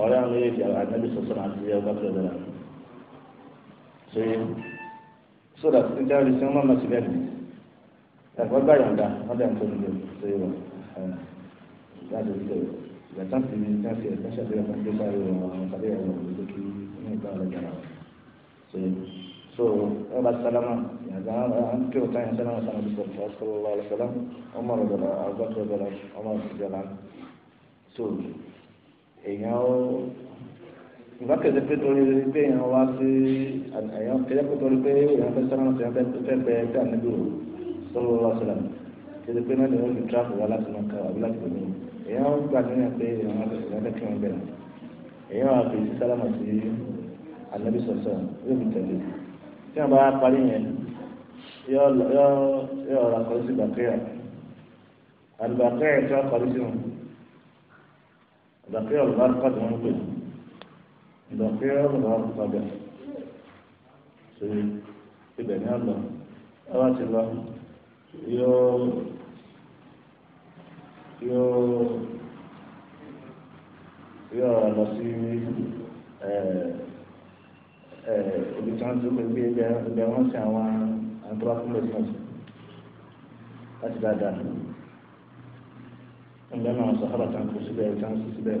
S1: ọ̀rẹ́ àwọn yóò fi ànábì sọ̀sọ̀ náà ti yẹ ọgbà tó dára ṣe so that nítorí sí wọn máa ti bẹ́ẹ̀ ni gbà yọ̀ǹda wọ́n dẹ̀ ń tó nílé ṣe wọ̀ láti ṣe ìyàtọ̀ sí ní káfí ẹ̀ káṣà tó yẹ kó ń gbé àwọn sáré ẹ̀ wọn ló kí ní ìgbà rẹ̀ wọn ṣe so ẹ bá sálámà ìyàgbá à kí òkà yẹn sálámà sálámà bí sọ̀rọ̀ sọ̀rọ̀ sọ̀rọ̀ èèyàn ó ìgbà kẹsẹ pé torí pé èèyàn wá sí èèyàn kẹsẹ pé torí pé èèyàn fẹ́ sọ̀rọ̀ náà sọ̀rọ̀ fẹ́ bẹ ẹgbẹ ànábì o sọ̀rọ̀ wá sọ̀rọ̀ kẹsẹ pé náà lèèyàn fi tíráfù wá láti máa ká wà láti lè mí èèyàn ó gbà nínú pé èèyàn wá fẹ́ kí wọn bẹ̀rẹ̀ èèyàn wá fi sálámà sí ànábì sọ̀sọ̀ yóò fi tẹ̀lé tí wọn bá parí yẹn yọ yọ yọ ọ̀rọ̀ bàkẹ́yà àlùbàkẹ́yà tí wọn ìdàkẹ́ ọ̀rọ̀ bá pàdé wọn pè ìdàkẹ́ ọ̀rọ̀ bá pàdé ṣe ibẹ̀ ní àlọ́ ẹ wá ti lọ yóò yóò yóò lọ sí ibi tí wọ́n ti pè bí ibẹ̀ wọ́n sin àwọn anthropologists láti dáadáa ńlẹ́ náà sọ̀hábà tán kó síbẹ̀ tán sí síbẹ̀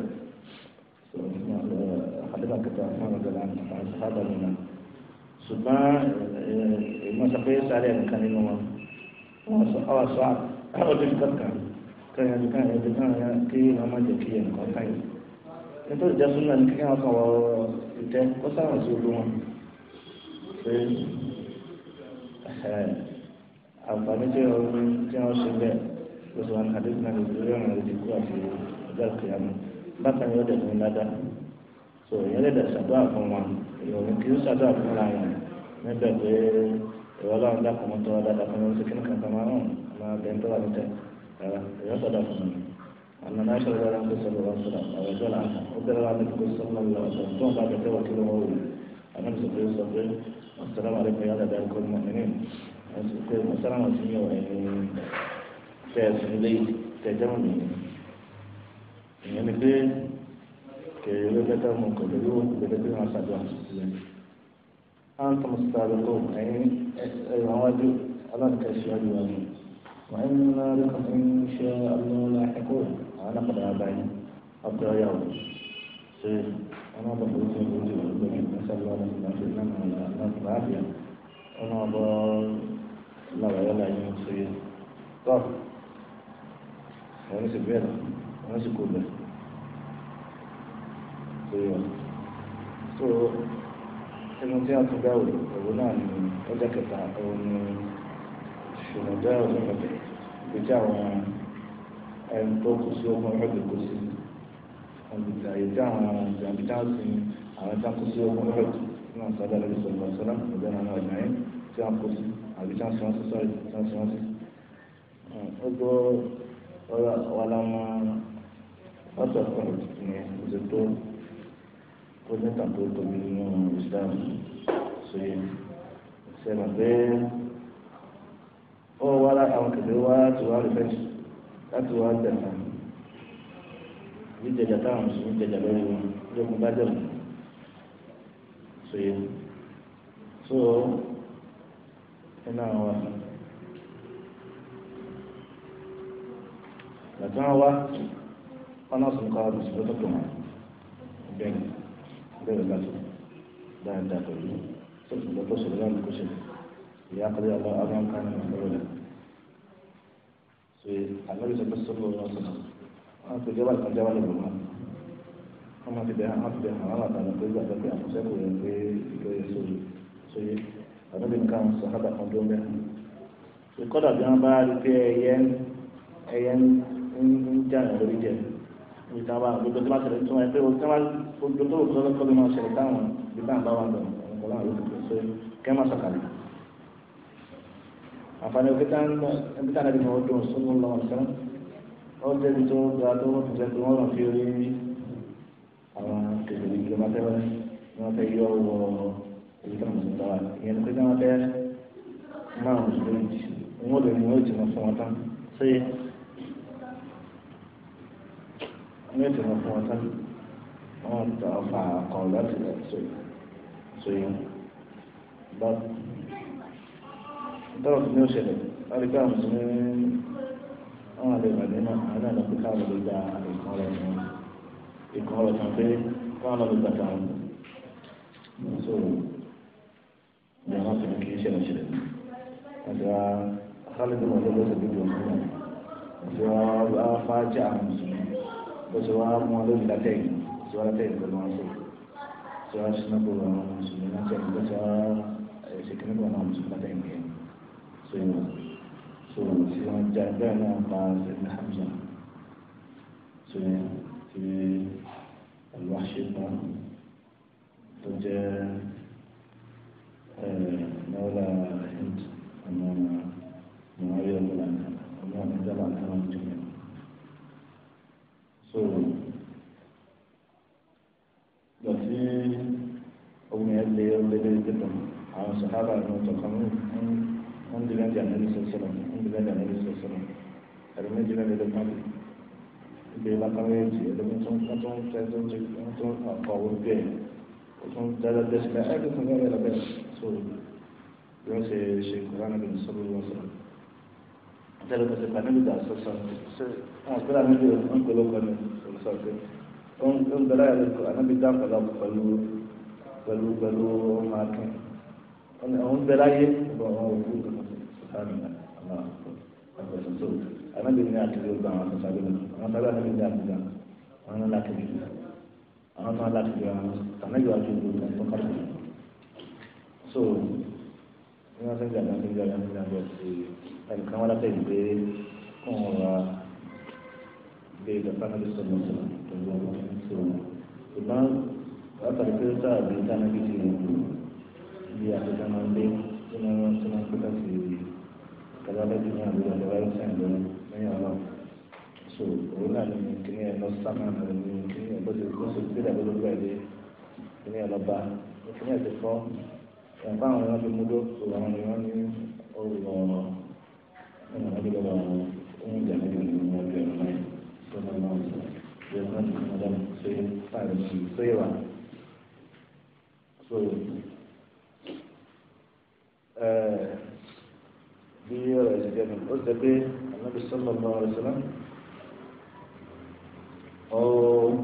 S1: àdébà kẹta fún àwọn ọ̀gá àwọn sọ̀hábà nìyẹn ṣùgbọ́n ìmọ̀ sọ pé sáré nìkan nínú wọn wọn sọ àwọn sọ àwọn tó ń kankan kẹyìn àti kẹyìn àti kẹyìn kí wọn má jẹ kí ẹ̀ nǹkan kẹyìn nítorí ìjà súnmọ́ ní kíkẹ́ wọn kàn wọ ìtẹ́ kó sáwọn sí ogun wọn pé àǹfààní tí wọn ṣe bẹ́ẹ̀ oṣù wa kàdé náà lè lórí ọ̀ràn lè kú àti ọjọ́ ìkìyàmù bákan yóò dẹ̀ fún ládàá so ìyẹn lè dẹ̀ ṣàdúrà fún wọn ìròyìn kì í ṣàdúrà fún ra wọn níbẹ̀ pé ìwọ lọ́run dákun mọ́ tọ́wọ́ dáadáa fún wọn sí kí nìkan kan máa rùn máa bẹ̀ ń tọ́wọ́ mi tẹ̀ ìyẹn ṣàdúrà fún wọn. أن ناشر ولا نقصر ولا صلاة أو جل عنها أدرى الله أن تقول صلى الله عليه وسلم ثم بعد توكل وهو أنا مسكين صبر السلام عليكم يا أهل الكل المؤمنين السلام عليكم يا kẹsùn lé kẹjọ́mù ní ìyẹn ni pé kẹrẹ lọ́gbẹ́ta mọ̀ kọ̀dọ̀ yóò gbẹ̀dẹ̀ bí wọ́n sàdọ̀ àṣìṣe à ń tọ́mọ̀ síta lọ́kọ̀ ẹ̀yìn ẹ̀yìn àwọn adé aláǹkẹ́sì wájú wa ni wọ́n ń ná lọ́kọ̀ ń ṣe alọ́lá ẹ̀kọ́ àwọn apàdé abáyé ọ̀pẹ̀ ọ̀yà wò ṣe wọn bọ̀ fún ìṣẹ́ ìgbésẹ̀ wọn lọ́gbẹ́ ní sàlọ́ ọ̀nà ìgbà wọ́n sì bẹ̀rẹ̀ wọ́n sì kó bẹ̀rẹ̀ tó yọ tó ẹnu tí a ti dá òwò òwò náà ní ọjọ́ kẹta òun ní ṣùgbọ́n dá òwò ọ̀dẹ̀ ibi tí àwọn ẹni tó kù sí ogun ọ̀dẹ̀ kù sí àyè tí àwọn ìjàmbí tá a àwọn tí a kù sí ogun ọ̀dẹ̀ náà sábà lórí sọ̀rọ̀ sọ́lá ọ̀dẹ̀ náà náà ọ̀dẹ̀ tí a kù sí àbí tí a sin Wala àwọn ọlọ́mọ ọ̀sọ̀ fún ìtìmọ̀ òṣètò tó ní tàbí tóbi nínú Islam ṣe ṣẹlẹ̀ pé ó wá àwọn kẹ̀kẹ́ wá láti wá rẹ̀ láti wá tẹ̀sà jíjẹjà táwọn mùsùlùmí jẹjà lórí wọn lókun bá jẹun ṣe so nínú àwọn gbàtí wọ́n wá wọn náà sùn káwọn lùsùn lọ́tọ̀ tó wọn bẹ́ẹ̀ bẹ́ẹ̀ lọ́tọ̀ dáadáa pẹ̀lú sọ̀tún lọ́tọ̀ sọ̀rọ̀ láti kó ṣẹlẹ̀ ìyá kọ́lé ọba ọdún kan ní ọ̀dọ́ rẹ̀ ṣe àlọ́yé sọ pé sọ́kọ̀ ọ̀rọ̀ sọ̀tún wọn kò jẹ́ wà lọ́kàn jẹ́ wà lọ́kàn wọn wọn máa ti bẹ̀rẹ̀ wọn ti bẹ̀rẹ̀ àwọn àtàlọ́ pé gbàgbọ́ pé àkọsẹ́ ń jáde lórí jẹ ìta wa gbogbo tí wọn ṣẹlẹ̀ tó wọn pé wọn tí wọn gbogbo tó wọn kọ́ ló máa ṣẹlẹ̀ táwọn bí táwọn bá wà lọ ọ̀pọ̀ láwọn ló kọ̀ sórí kẹ́ máa sọ̀kalẹ̀. àǹfààní òkè tá ẹbí tá nàbí wọn dùn sínú lọ́wọ́ sẹ́wọ́n wọ́n jẹ́ ibi tó gba tó wọ́n fi sẹ́kù wọ́n lọ ní ètò wọn fún wọn tán wọn tọ ọfà kan láti rẹ sóyún bá dọ́rọ̀ tó ní ó ṣẹlẹ̀ láti gbé àwọn sínú àwọn àlè ìbàdí náà àwọn náà lọ pé káwọn lè gba ìkan rẹ̀ tán ìkan rẹ̀ tán pé káwọn lọ lè gba tàn án so ní àwọn tó ní kí ṣẹlẹ̀ ṣẹlẹ̀ àti wa kálí tó wọn lọ lọ náà àti wa wá àwọn sùn ó sì wá mú wọn lórí látẹ̀yìn sì wá látẹ̀yìn pẹ̀lú wọn sí sì wá sínú pé wọn mùsùlùmí látẹ̀yìn ó sì wá ẹ̀sìn kí nípa wọn mùsùlùmí látẹ̀yìn yẹn so yẹn so sì wọn jà bẹ́ẹ̀ náà pa sẹ́yìn Hamza so yẹn ti alwáṣẹ́ pa tó jẹ́ náwọ́lá hind ọmọ mọ̀ọ́rí ọ̀gbọ́n àti ọmọ ọ̀gbọ́n àti ọmọ ọ̀gbọ́n so lọ sí ogun yẹn lé ọlẹ́lẹ́ tẹ̀tọ̀ àwọn sọ̀hábà ní ọ̀tọ̀ kan ń dilẹ̀ ní àná ìṣẹ̀ sọ̀rọ̀ ń dilẹ̀ ní àná ìṣẹ̀ sọ̀rọ̀ ẹ̀rọ méjì náà lẹ́lẹ́ pàdé ìgbé lákàwé ti ẹ̀rọ mi tó ń tó ń tẹ́ tó ń tẹ́ tó ń kọ́ owó bẹ́ẹ̀ o tún dáadáa bẹ́ẹ̀ sílẹ̀ ẹ̀rọ tó ń gbẹ́rẹ́ lọ bẹ́ẹ̀ so yóò ṣe ṣe kúránà bí sọ́dọ̀ lọ́sọ̀rọ̀ ìtẹ̀lẹ̀ pẹ̀sẹ̀ pẹ̀lú ìgbà sọ̀sọ̀ àwọn ìpínlẹ̀ àmìlẹ̀ ọ̀nkọ̀lọ́kọ̀ ni olùsọ̀kẹ́ ó ń bẹ̀rẹ̀ àyẹ̀lẹ̀ kọ́ ànábi dá pẹ̀lú pẹ̀lú pẹ̀lú pẹ̀lú ọmọ akẹ́ àwọn bẹ̀rẹ̀ ayé ọ̀bọ̀ àwọn òkú sọ̀tàmì àgbẹ̀sọ̀sọ̀ ànábi ní àtẹ̀lẹ̀ ọgbà àwọn sọ̀tàmì àwọn sábà ànábi dá àbúdá àwọn náà láti ju àwọn náà láti ju àwọn ànábi wà ju ìlú ọ̀kọ̀tọ̀ so ní wọ́n sẹ́ńdì àgbà ẹnìkan wọn látẹ̀yìn pé kóun ra gbé ìdọ̀fánàbí sọ̀rọ̀ sọ̀rọ̀ pẹ̀lú ọmọ sọ̀rọ̀ ṣùgbọ́n látàrí pé sáà bí dánábí ti rìn jù bí àtúntà máa ń dé tí wọ́n rán tí wọ́n pẹ́ta sí kàdábẹ́bí ní àbúrò àdàbà ìsàn lórí lẹ́yìn ọ̀rọ̀ so òun náà ní kíní ẹ̀ lọ sámà rẹ̀ ní kíní ẹ̀ bó ti kó sí gbé dàbí lórí ẹ̀ dé kíní ẹ̀ lọ bá kíní ẹ̀ ti fọ́ ẹ̀fọ́ àwọn ẹ̀rọ fi mú lóṣù àwọn ẹ̀rọ ní ọ̀rọ̀ 岁吧，所以，呃，第一个是讲，我这边那个什么嘛，是呢？哦，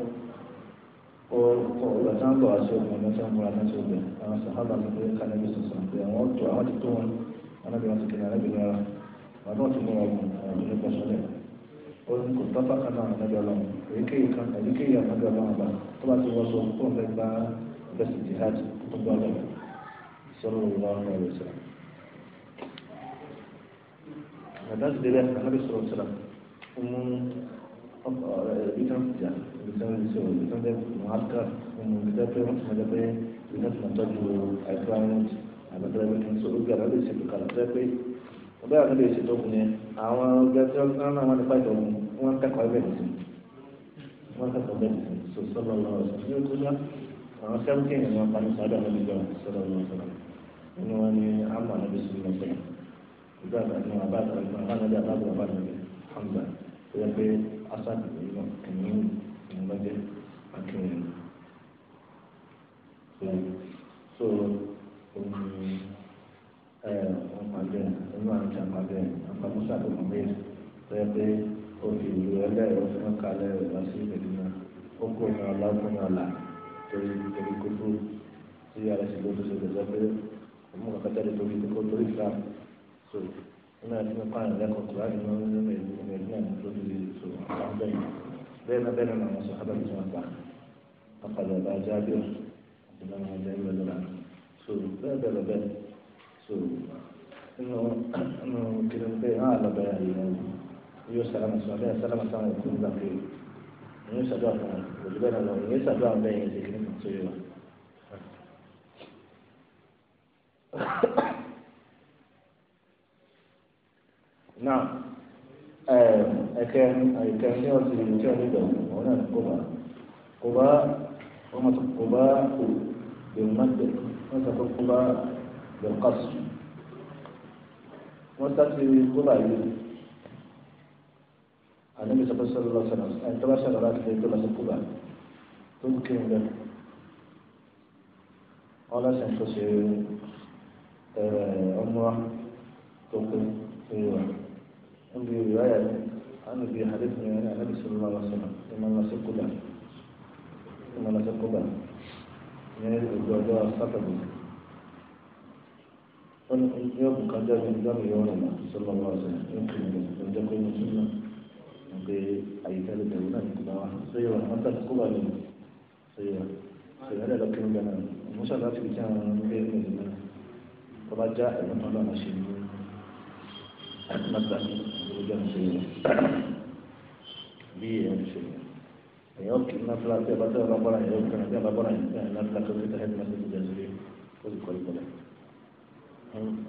S1: 我我我上多少岁？我们上多少岁的？然后是好多是看那个是什么？对，我主要就多，那个是看那个。bàbá òtún ní ọmọ ọdún nípa sílẹ̀ ó ní kò tọ́ bákan náà lọ́dọ̀ ọlọ́run èyíkéyìí kan èyíkéyìí àmọ́dọ̀ ọlọ́run bá tó bá ti wọ́sọ kó ń fẹ́ gba bẹ́sì jihad tó gbọ́ lọ́wọ́ sọ́rọ̀ ọlọ́run ọ̀rọ̀ sọ́rọ̀ àdáṣe délẹ̀ àhábẹ́ sọ̀rọ̀ sọ̀rọ̀ ọmọ ìbítàn ìjà ìbítàn ìṣòro ìbítàn dẹ́ mọ̀hákà ọmọ ìbítàn pé wọ́n ti mọ̀ dẹ́ pé ìbítàn ti mọ̀ tọ́jú àìkú àwọn àgbàdo ẹgbẹ́ kan sọ̀rọ̀ gbé àbábẹ́ ìṣèlú kalẹ̀ pé bẹ́ẹ̀ ni lè ṣètò òkun yẹn àwọn ọgbẹ́ tí wọ́n náà wọ́n nípa ìtọ́wọ́ wọn kẹ́kọ̀ọ́ ẹgbẹ́ nìyí wọ́n kẹ́kọ̀ọ́ ẹgbẹ́ nìyí so sọ́dọ̀ lọ́wọ́ sọ ní ojú yá àwọn sẹ́wọ́kìn ni wọ́n pa ní sọ́dọ̀ lọ́wọ́ níjọ́ sọ́dọ̀ lọ́wọ́ sọ́dọ̀ nínú wọn ni amọ̀ níbi sùn lọ sẹ́yìn ìgbà àgbàdo àbáàdà àbáàdà àbáàdà àbáàdà hamza ó yẹ pé asad ìlú kìnìún ìmọ̀lẹ́dẹ́ akínrin so òun ọ̀pàdé nínú àwọn ìjàmbáde àpamọ́sá tó mọ̀ bẹ́ẹ̀ lọ́yẹ pé o fi ìlú ẹlẹ́rọ fún ọkàlẹ́ rẹ̀ lọ sí ìlú náà ó kó ní ọlọ́gbọ́n ní ọ̀la torí torí kótó tí ara sì ló tó ṣe so nínú àti ní pààyàn lẹ́kọ̀ọ́ tó láti mọ nínú so àwọn bẹ́ẹ̀ bẹ́ẹ̀ náà bẹ́ẹ̀ náà àwọn sọ ábàbí tí wọ́n gbà ọ̀pàdé ọ̀bá ajá bí ọ̀ so inú inú kiri pé hàn lọ́bẹ̀ yìí yóò sàlámà sọ bẹ́ẹ̀ sàlámà sàlámà kún gbà pé yóò sàdúrà fún wọn òjú bẹ́ẹ̀ lọ yóò sàdúrà fún bẹ́ẹ̀ yẹn ṣe kiri kan tó yẹ wa. náà ẹ̀kẹ́ ẹ̀kẹ́ ní ọ̀sìn tí wọ́n ní wọn náà kó bá kó bá wọ́n mọ̀ tó kó bá kó bẹ̀rù má bẹ̀rù wọ́n sọ pé kó bá. بالقصر وتأتي قبائل النبي صلى الله عليه وسلم أن تباشر رأس لكل قبائل تمكن له قال سنتوسي عمره آه، تمكن في أيوة. رواية عن في حديث من النبي صلى الله عليه وسلم لمن نسق قبائل لمن نسق قبائل يعني الجواب الصدق wọ́n ní ọ̀pọ̀ kan jẹ́ ọ̀gbìn ìjọba ìyọ̀ rẹ̀ náà sọ́nà ọ̀rọ̀ ọ̀sẹ̀ ní kí ni wọ́n jẹ́ pé mo tún náà wọ́n pe àyíká lè bẹ̀rù náà nípa wa sọ́yọ̀ wa wọ́n tàbí kó wà lẹ́nu sọ́yọ̀ wa sọ́yọ̀ alẹ́ lọ́kẹ́ ń gbẹ́nà mo ṣàlá ti fi jẹ́ àwọn ọmọ ilé ẹ̀kọ́ ìlú náà tó bá já ẹ̀rọ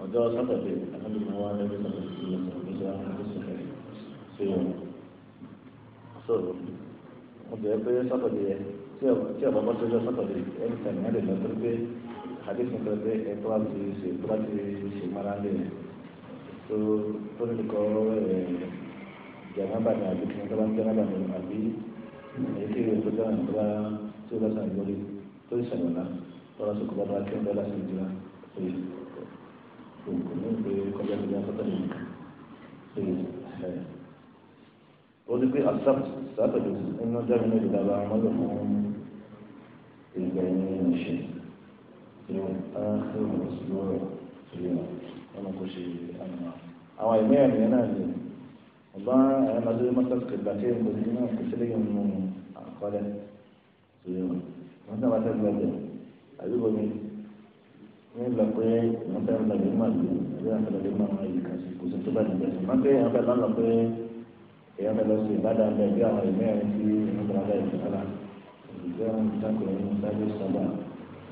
S1: ọjọ́ sátọ̀dé àtàlù máa wá lẹ́gbẹ́ sọ̀rọ̀ sí ọ̀sán tó ṣe àwọn ọ̀sán wọn. so wọ́n bẹ̀rẹ̀ pé sátọ̀dé yẹ tí ọ̀bá bọ́ sọ́jọ́ sátọ̀dé ẹni tàbí má lè lọ tó pé àdéhùn kan pé ẹ tó bá ti ṣe tó bá ti ṣe mara lé rẹ̀ tó tó ní kọ́ ẹ̀ jẹ̀nàbà ni àbí tó bá ń jẹ̀nàbà ni àbí èyíkéyìí tó jẹ́ àwọn tó bá tí ó bá sàn ìgbọ́lé tó ó ní pé accept sátọ̀dù nínú ọjọ́ mi lóde dábàá wọn lò fún ìgbà yẹn ní ṣe ìlú áhùn lórí ìlú ọ̀nà kò ṣe àná àwọn ìlú ẹ̀mí náà ni ọba ẹ̀yẹ́ máa lórí mọ́tò kìlá tí èèyàn kò sí náà kò sílẹ̀ yẹn nínú àkọọ́lẹ̀ ìlú wọn náà wá sẹ́gbẹ̀ẹ́ àbí bomi ní ìgbà pé wọ́n fẹ́ràn lọ́lẹ́ máa lò ìwé àfẹ́lọ́lẹ́ máa wọn yìí kà sí kò sí tó bá nìyẹn sọ máa pé èèyàn fẹ́ lọ́nà pé èèyàn fẹ́ lọ sí ìbádà ń bẹ bí àwọn ìmọ̀ ẹ̀rọ tí wọ́n bá bá ìfẹ́ sára ìgbẹ́ wọn ti dákọ̀ ẹ̀ ní sáré sábà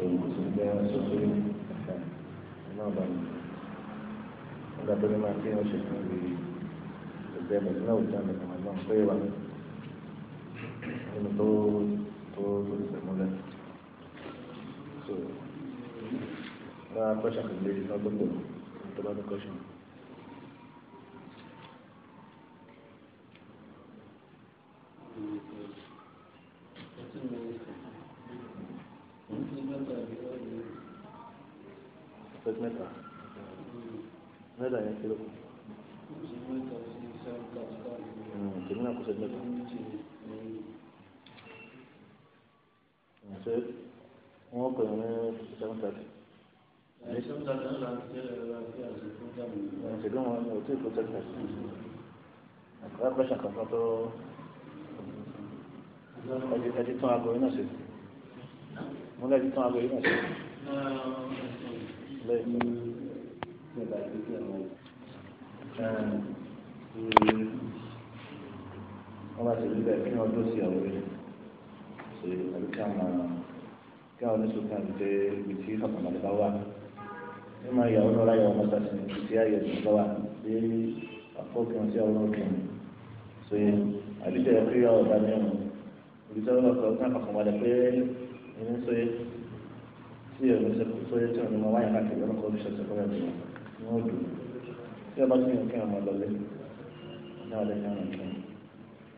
S1: èyí kò sí gbẹ́ sọ pé ẹ̀fẹ́ náà mi. wọ́n gbà pé ní máa kí ṣe fún mi ìgbẹ́ mi náà ò já mi kàn náà pé wà nínú tó tó tó ìfẹ́ ta question kan lè sọ tó kò tó bá ní question. Hmm, hmm, wọ́n kọ̀ ní seven ṣèlú wọn ni òtún ìkó tẹ́lẹ̀ sí àkọ́kọ́ pẹ́sẹ̀ kankan tó ẹjí tán aago yìí náà ṣe mo lẹ́jí tán aago yìí náà ṣe lẹ́yìn wọ́n bá ṣe níbẹ̀ kí wọ́n tó sí àwọn ilé ṣe àbíkà máa kí wọ́n ní sùkúrù àti ibi tí ọ̀pọ̀lọpọ̀ bá wà ní máa yà ọ́nà ráyà ọmọ sàṣẹ tí a yẹ ìṣúná wa bí àfọ́kùn sí ọ̀nà òkè ṣe àdìjọ yẹ kí ọ̀dà mi ọ̀nà ìdíjọ́ ọ̀nà kan náà kàkọ́ wọlé pé ẹni ṣe tí ẹni ṣe kó ṣe tí ọ̀nà wáyà káàkiri ọ̀nà kan ṣe ṣe fún ẹ̀mí ní ó dùn tí ọba tí nìkan ọmọ lọlé náà lè ní ọ̀nà kan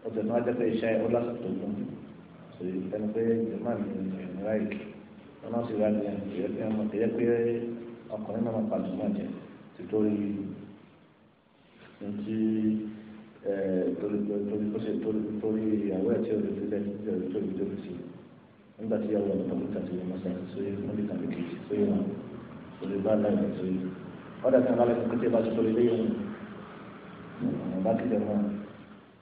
S1: ọ̀sẹ̀ tó wá jẹ́ pé iṣẹ́ ọlásìkò gùn ṣe ẹni pé jẹ́mà ní ọkùnrin náà máa pàdé náà jẹ títorí ntí ẹ torí torí ó ṣe torí torí ìyàwó ẹ̀ tí ó lè fi lẹ́yìn tí ó lè tóbi tóbi sí nígbà tí ìyàwó ẹ̀ pàdé tàbí ìyàwó ẹ̀ sóyè múlẹ̀ tàbí kejì sóyè náà sóyè bá láyé sóyè ọ̀dà tí a bá lẹ́yìn pété bá ti torí lẹ́yìn ọ̀nà bá kéde mọ́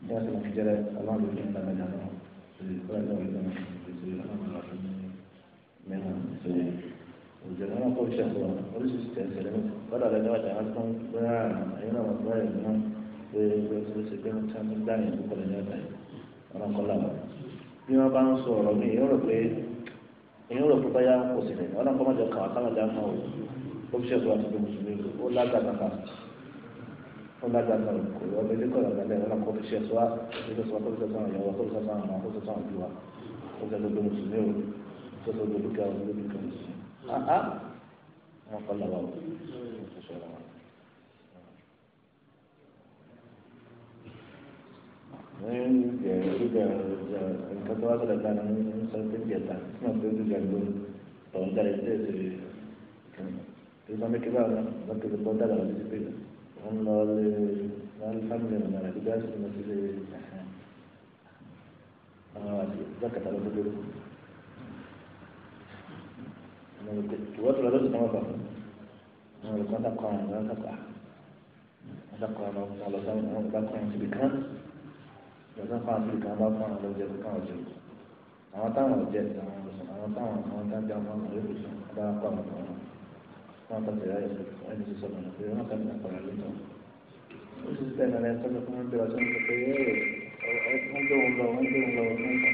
S1: ní àti mọ̀ kéde rẹ̀ ọlọ́run ló ní ìlànà ìdáná sóyè kọ́lá ìdáná ìdáná sóyè ọlọ́run ló ní mẹ́rin sóyè òjòlá náà kọ́ ṣe àtọ̀wà oríṣiríṣi tẹ̀ ń ṣẹlẹ̀ mọ́ kọ́dà lẹ́nu ọ̀dà wọn tó ń gbéra ẹ̀yìn náà wọ́n gbéra ẹ̀yìn náà pé ó ṣe pé wọ́n ti gbá yẹn púpọ̀ lẹ́nu ọ̀dà yìí wọn kọ́ làwọn. bí wọ́n bá ń sọ ọ̀rọ̀ mi èyí rò pé èyí rò pé báyà kò sí lẹ́nu ọ̀nà kọ́mọ́jọ kàwá kálọ̀dá náà o ó fi ṣètò àti bí mùsùlùmí ó lágbàdà kan ó lágbàdà kò yọ ọbẹ̀ ilé kọ̀ọ̀dà lẹ́yìn ọ̀nà kò fi ṣe ẹ̀ṣọ́ àti ìṣẹ̀ṣọ́ kó fi ṣe sọ̀rọ̀ ìyàwó kó fi ṣe sọ̀rọ̀ àwọn kó fi ṣe sọ̀rọ̀ ìjọba mùsùlùmí ó áá wọn kọ́ làwọn ò tó sọ̀rọ̀ wọn. ní ìwọ tó lọ lọ́sùn tó wọ́n bọ̀ wọn lọ kọ́ńtà kọ́ àwọn ọ̀rọ̀ kọ́kọ́ kọ́ńtà kọ́ àwọn ọ̀rọ̀ lọ́sùn àwọn ọ̀rọ̀ kọ́ àwọn síbi kan lọ́sùn kọ́ àwọn síbi kan bá kọ́ àwọn lọ́jọ́ kọ́ àwọn jẹ̀kọ́ àwọn táwọn jẹ àwọn lọ́sùn àwọn táwọn àwọn táwọn àwọn àwọn yóò lọ́sùn bá kọ́ àwọn ọ̀rọ̀ wọn kọ́ tẹ̀lé ayọ̀ ẹni tó sọ̀rọ̀ pé wọ́n kọ́ àwọn ọ̀rọ̀ lọ́sùn ó sì sẹ́ni ẹ̀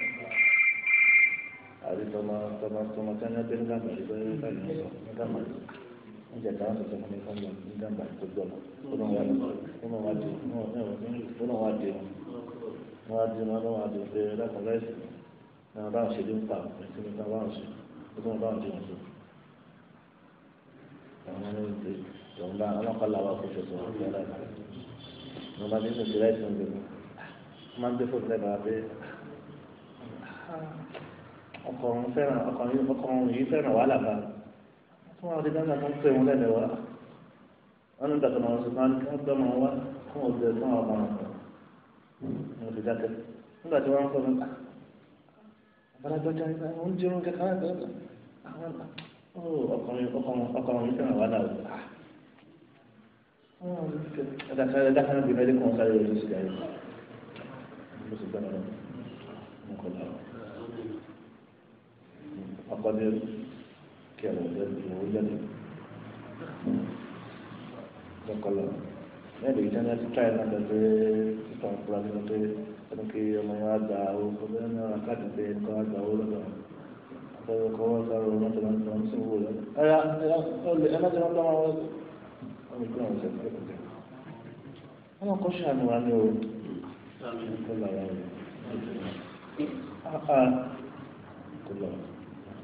S1: àbí tọmọ tọmọ tọmọ tí wọn gbé nígbà mẹ́rin gbé nígbà mẹ́rin sọ nígbà mẹ́rin wọn jẹ káwọn sọsọ fún mi fún mi nígbà mẹ́rin tó gbọmọ fúnà wà dé fúnà wà dé fúnà wà dé wọn wà dé wọn lọ wà dé pé lákùnrin láìsí náà báwọn ṣe ló ń pa ẹsẹ mi ká báwọn ṣe ó tún báwọn ṣe wọn sọ. àwọn ọmọ ní ìjọba bá ọlọ́pàá làwọn kò ṣètò wọn fẹẹ láì wọn bá nínú ìṣẹ̀lẹ̀ ìṣẹ̀lẹ̀ ọkọ̀run fẹ́ràn ọkọ̀run yìí fẹ́ràn wàhálà bá tí wọ́n ti dáná tó ń pè wọ́n lẹ́nu wa wọ́n ní ìdàgbọ́n àwọn ṣùgbọ́n kí wọ́n gbọ́ wọn wá kí wọ́n gbé fún àwọn ọmọ wọn ní oṣù dákẹ́ nígbà tí wọ́n ń kọ́ mi ká àbálágbájá ń jẹun kẹkẹ ọkọ̀run ọkọ̀run yìí fẹ́ràn wàhálà wa dákàrà bí mẹ́lẹ́kùn sáré ojú sí gàrí mo sì gbọ́dọ̀ mọ́ kọ́ أقدر كما ذلك وجدت lọ́kọ̀ lọ lẹ́yìn ìjọ náà ti káyọ̀ náà títà ọ̀pọ̀lọ́ ní ọdẹ ẹni kí ọmọ yẹn wá owó kọ́bẹ́ ní ọ̀rọ̀ káàdì pé ẹni kan owó lọ́dọ̀ ọ̀pọ̀lọ́ kọ́ sáré ọmọ tó máa ń tọ́ sí owó lọ́dọ̀ ẹ̀rọ ẹ̀rọ ẹ̀rọ ẹ̀rọ ẹ̀rọ ọmọ ìkú àwọn ọ̀sẹ̀ fún ẹ̀kọ́tẹ̀ ọmọ kan ṣàánú wa ní o kò lọ